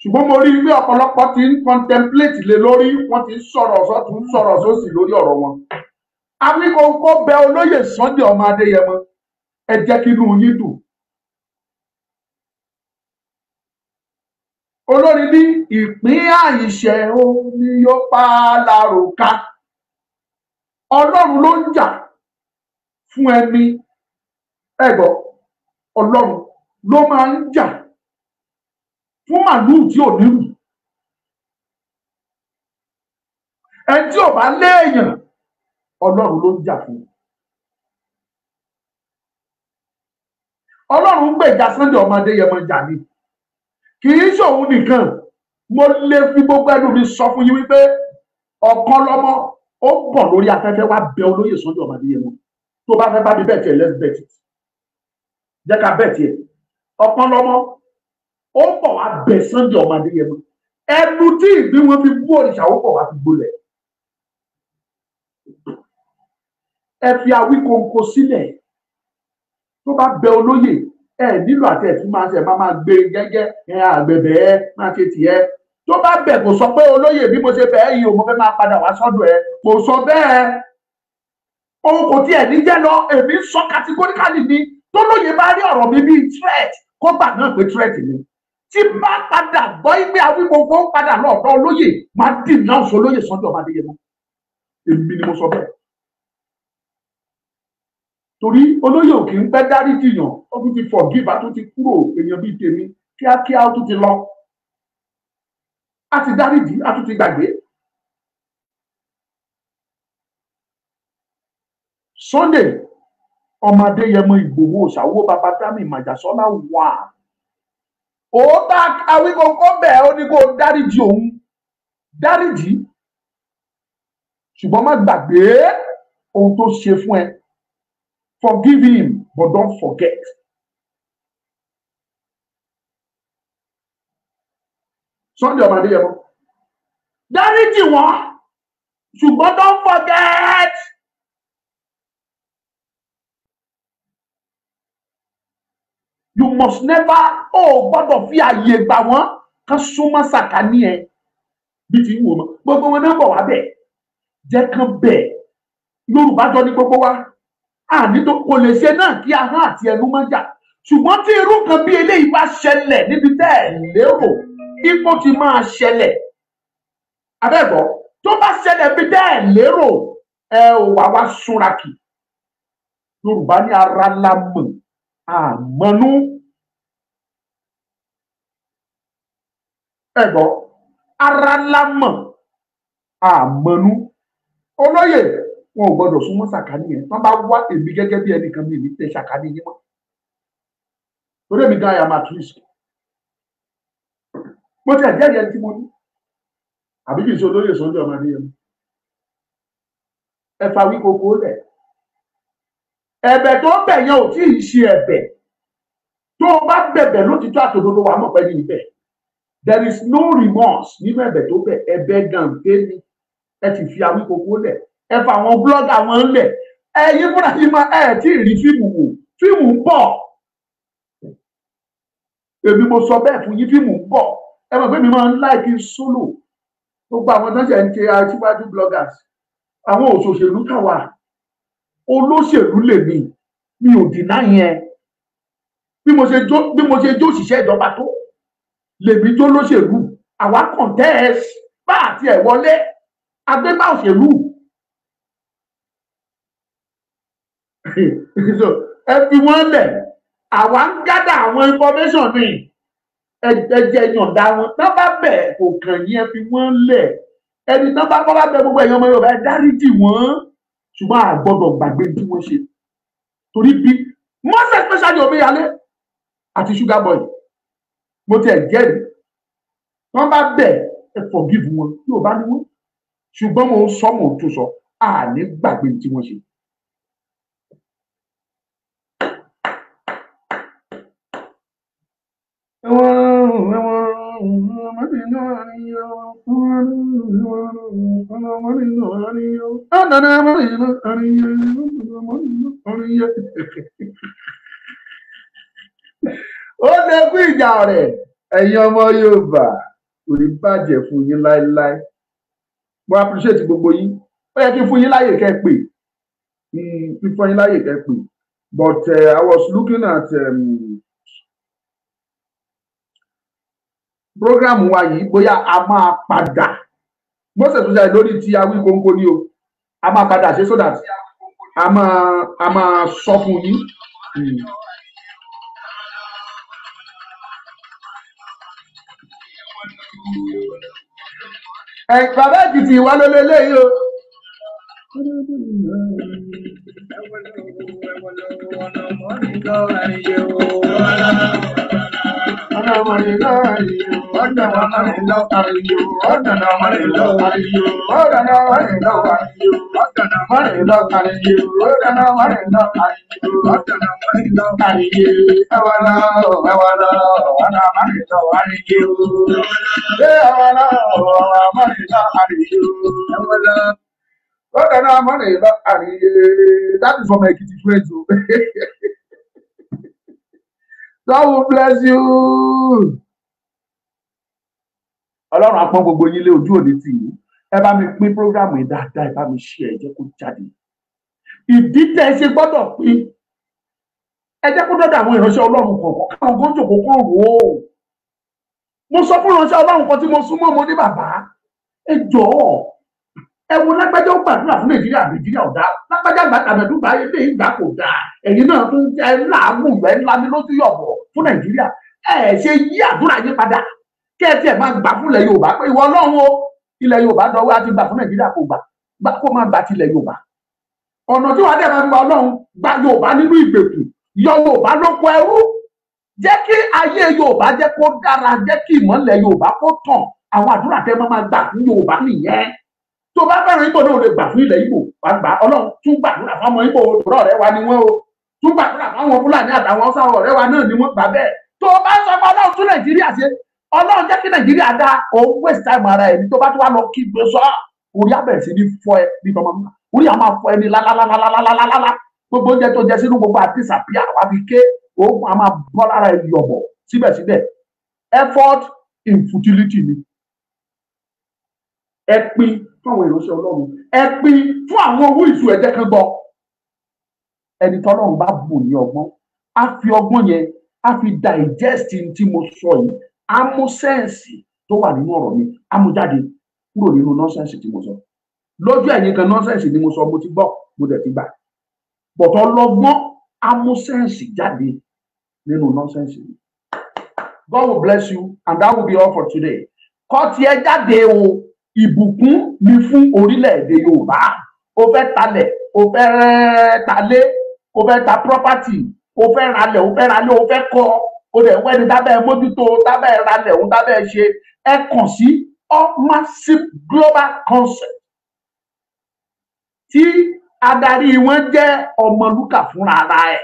ṣùgbọ́n mo rí i pé ọ̀pọ̀lọpọ̀ ti ń contemplate lé lórí wọ́n ti ń sọ̀rọ̀ sọ́tún sọ̀rọ̀ sósì lórí ọ̀rọ̀ wọn Aníkòńkò bẹ olóyè Sunday ọmọ Adéyẹmọ ẹ jẹ́ kí inú yín dùn. olórí bí ìpín àìṣẹ omi yóò pa láròká Ọlọ́run ló ń jà fún ẹni ẹgbọ Ọlọ́run ló máa ń jà fún màlúù tí ò nírù ẹni tí ò bá léèyàn ọlọ́run ló ń jà fún ọlọ́run ń gbèjà Sunday ọmọdé yẹmọ jà ni kì í ṣòun nìkan mo lè fi gbogbo ẹnu mi sọ fún yín wípé ọ̀kan lọ́mọ ó ń bọ̀ lórí afẹ́fẹ́ wá bẹ olóyè Sunday ọmọdé yẹmọ tó bá fẹ́ bá mi bẹ́ẹ̀ tiẹ̀ let's bet it jẹ́ ká bẹ́ẹ̀ tiẹ̀ ọ̀kan lọ́mọ ó ń bọ̀ wá bẹ Sunday ọmọdé yẹmọ ẹnu tí ìbí wọn fi bú òrìṣà ó bọ̀ wá fi gbolẹ̀ ẹ fi Awíkonko sílẹ̀ tó bá bẹ olóyè ẹ nílò àti ẹ̀tún máa ṣe máa gbé gẹ́gẹ́ ẹ àgbẹ̀bẹ̀ ẹ máa ṣe tiẹ̀ tó bá bẹ̀ kò sọ pé olóyè bí mo ṣe bẹ̀ yìí o mo fẹ́ máa padà wá sọ́dọ̀ ẹ kò sọ bẹ́ẹ̀ òun kò tiẹ̀ ní jẹ́ lọ èmi sọ kàtíkóríkàlì ni tó lóye bá rí ọ̀rọ̀ mi bíi threat kó gbà náà pé threat ni tí bá padà gbọ́ pé Awíkonko ń padà lọ́ọ̀dọ́ olóyè máa dì náà sọ olóyè sọ́dọ̀ ọba adéyẹmọ èmi ni mo torí olóyè òkè ń pẹ́ dáríjì yàn ó tún ti forgive á tún ti kúrò èèyàn bíi tèmi kíákíá ó tún ti lọ á ti dáríjì á tún ti gbàgbé. Sunday ọmọ Adéyẹmọ Ìgbòho ṣàwó bàbá Dami Màjàsọ́lá wà òótá awíkókó bẹ́ẹ̀ ó ní kó dáríjì òun dáríjì ṣùgbọ́n má gbàgbé ohun tó ṣe fún ẹ Forgive him, but don't forget. Sunday ọmọdé yẹ mọ́. one wọ́n ṣùgbọ́n don't forget. You must never ó gbọ́dọ̀ fi àyè gbà wọ́n kán súnmọ́ sàkání ẹ̀ bí ti wù ọ́ mọ́. Gbogbo go náà bọ̀ wá bẹ̀ jẹ́ kán bẹ̀ Yorùbá jọ ní gbogbo wa àní tó kò lè ṣe náà kí ahọ́n àti ẹnu má jà ṣùgbọ́n tí irú kan bí eléyìí bá ṣẹlẹ̀ níbi tẹ́ ẹ̀ lérò ipò ti máa ṣẹlẹ̀ abẹ́gbọ́ tó bá ṣẹlẹ̀ bí tẹ́ ẹ̀ lérò ẹ ò wá wá súnra kì Yorùbá ní ara la mọ̀ àmọ́nú ẹ̀gbọ́ ara la àmọ́nú olóyè wọn ò gbọdọ̀ súnmọ́ sàkání yẹn tán bá wá èmi gẹ́gẹ́ bí ẹnìkan mi ní tẹ sàkání yín mọ́ torí èmi gan àyàmà at risk mo ti ẹ̀jẹ̀ yẹn tí mo ní àbí kì í ṣe olóyè sọ́jọ́ ọmọ ní yẹn ẹ fa wí koko lẹ̀ ẹ̀bẹ̀ tó bẹ̀ yẹn ò tí ì ṣe ẹ̀bẹ̀ tó o bá bẹ̀bẹ̀ lótìtọ́ àtòdodo wà mọ̀ pẹ́ẹ́lí ibẹ̀ there is no remorse nínú ẹ̀bẹ̀ tó bẹ̀ ẹ̀bẹ̀ gàǹté ni ẹ ti fi awí koko lẹ̀ ẹ fà àwọn blọ́gà wọn lẹ̀ ẹ̀yin fúnra yín máa ẹ̀ tí ì rí fíìmù wò fíìmù ń bọ̀ èmi mo sọ bẹ́ẹ̀ fún yín fíìmù ń bọ̀ ẹ mọ̀ pé mi máa ń láìkí sólò gbogbo àwọn tó ń ṣe ń ṣe aṣíwájú bloggers àwọn òṣòṣèlú káwa olóṣèlú lèmi mi ò dìná yẹn bí mo ṣe jó bí mo ṣe jó òṣìṣẹ́ ìjọba tó lèmi jó lóṣèlú àwa contest bá àti ẹ̀ wọlé agbẹ́gbà òṣèlú (laughs) so ẹ fi wọ́n lẹ̀ àwa ń gádà àwọn information ni ẹjẹ yọ̀ǹda wọn tán bá bẹ̀ kò kàn yín ẹ fi wọ́n lẹ̀ ẹni tán bá bá bẹ gbogbo ẹ̀yàn ọmọ Yorùbá ẹ dáríjì wọ́n ṣùgbọ́n a gbọ́dọ̀ gbàgbé bí wọ́n ṣe torí bí most especially omíyalé àti sugar boy mo tiẹ̀ jẹ́rìí wọ́n bá bẹ̀ ẹ forgive wọn yóò bá ní wọn ṣùgbọ́n mo ń sọ mo ń tún sọ àní gbàgbé tí wọ́n ṣe. ó dẹkú ìjà rẹ̀ ẹ̀yin ọmọ Yorùbá kò ní bàjẹ́ fún yín láéláé mo appreciate gbogbo yín ó yẹ kí n fún yín láyè kẹ́ pè fífún yín láyè kẹ́ pè but uh, I was looking at um, programu wa yìí bóyá a máa padà mọ́sẹ̀ tó jáde lórí ti awí kóńkó ni o a máa padà ṣe sódà tí a máa a máa sọ fún yín. Hmm. ẹ bàbá ètìtì wa ló lélẹ́yìí o. Thank you. That is from Ekiti Praise. God will bless you. Ọlọ́run á pọ́n gbogbo yín lé ojú òde tì yín. Ẹ bá mi pín prógrámù yìí dáadáa, ẹ bá mi ṣe ẹ jẹ́ kó jáde. Ìdí tẹ́ ẹ ṣe gbọ́dọ̀ pín. Ẹ jẹ́ kó dọ́dọ̀ àwọn ìránṣẹ́ Ọlọ́run kọ̀ọ̀kan káwọn kó jòkó kúrò wò ó. Mo sọ fún ìránṣẹ́ Ọlọ́run kan tí mo súnmọ́ mo ní bàbá. Ẹ jọ̀ọ́ ẹ wo lágbájá ó gbàdúrà fún nàìjíríà nàìjíríà ò dáa lágbájá gbàtàmẹdù gbà ilé ìgbà kò dáa ẹ̀yin náà tún ẹ láàgùn ẹ lami lójú yọbọ fún nàìjíríà ẹ ṣe yí àdúrà yín padà kẹ ẹ tiẹ̀ máa gbà fún ilẹ̀ yorùbá pé ìwọ Ọlọ́run o ilẹ̀ yorùbá dọwọ àti gbà fún nàìjíríà kò gbà kó máa gbà tilẹ̀ yorùbá ọ̀nà tí wàá dẹ̀ máa gba Ọlọ́run gba yorùbá nínú ìgbèkùn yọ yorùbá lóko ẹrú jẹ́ kí ayé yorùbá jẹ́ kó dára jẹ́ kí ìmọ̀lẹ̀ yorùbá kó tàn àwọn àdúrà tẹ́ máa gbà fún yorùbá nìyẹn tó bá fẹ́ràn ibo náà lè gbà fún ilẹ̀ ibo wà gbà ọlọ́run tún gbàdúrà fáwọn ibo òdòrọ̀ rẹ wa ni wọ́n o tún gbàdúrà fáwọn fúlàní àtàwọn sáwọn ọ̀rẹ́ wa náà ni wọ́n gbà bẹ́ẹ̀ tó bá sọ pé ọlọ́run tún nàìjíríà ṣe ọlọ́run jẹ́ kí nàìjíríà dá òun waste time ara ẹni tó bá tún wá lọ kí gbé sọ orí abẹ́rẹ́ sí ní fọ ẹ bí tọmọ mi orí àwọn afọ ẹni lálálálálálálá gbogbo oúnjẹ tó jẹ sínú gbogbo àti sàpíà wà fi ké òun a máa bọ́ lára ẹ yọ̀bọ̀ síbẹ̀síbẹ̀ effort in futility ni ẹ pin fáwọn ìránṣẹ́ Ọlọ́run ẹ pín fún àwọn owó ìṣù ẹjẹ kan gbọ́ ẹni tọ́lọ́run bá bù ní ọgbọ́n á fi ọgbọ́n yẹn á fi digest tí mo sọ yìí á mú sẹ́ǹsì tó wà nínú ọ̀rọ̀ mi á mú jáde kúrò nínú nọ́sẹ̀nsì tí mo sọ lójú ẹ̀yìn kan nọ́sẹ̀nsì ni mo sọ mo ti gbọ́ mo dẹ̀ ti gbà bọ̀tọ̀ lọ́gbọ́n á mú sẹ́ǹsì jáde nínú nọ́sẹ̀nsì mi. God will bless you and that will be all for today. Kọ́ tiẹ̀ jáde o ìbùkún ni fún orílẹ̀-èdè yorùbá o fẹ́ talẹ̀ o fẹ́ talé o fẹ́ ta property o fẹ́ ralẹ̀ o fẹ́ ralẹ̀ o fẹ́ kọ́ o dẹ̀ wẹ́ni tábẹ́ mójútó tábẹ́ ralẹ̀ òun tábẹ́ ṣe ẹ kàn sí Massive Global Concept tí adarí wọn jẹ́ ọmọlúkà fúnra ara ẹ̀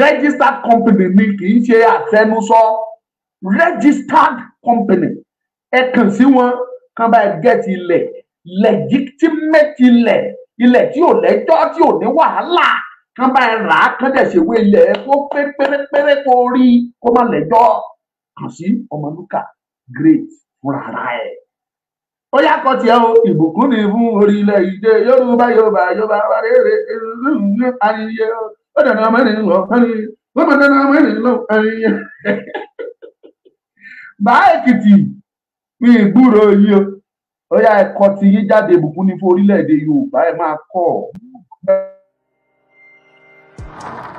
registered company ni kì í ṣe àfẹnusọ registered company ẹ kàn sí wọn kán bá gẹ́tì ilẹ̀ legitimate ilẹ̀ ilẹ̀ tí ò lẹ́jọ́ tí ò ní wàhálà kán bá rà á kán dẹ̀ ṣèwé ilẹ̀ kó pé pérépéré kó rí kó má lẹ́jọ́ kàn sí Ọmọlúkà great fúnra ẹ̀ ó yàtọ̀ tiẹ̀ o ìbùkún ni fún orílẹ̀ èdè yorùbá yorùbá yorùbá rere ní ayẹyẹ ó dàda mẹ́rin lọ ayẹyẹ ó dàda mẹ́rin lọ ayẹyẹ (laughs) bá èkìtì mi ìgbúrò yìí o ó yá ẹ̀kọ́ ti yín jáde bùkún ní fún orílẹ̀-èdè Yorùbá ẹ máa kọ́ ọ.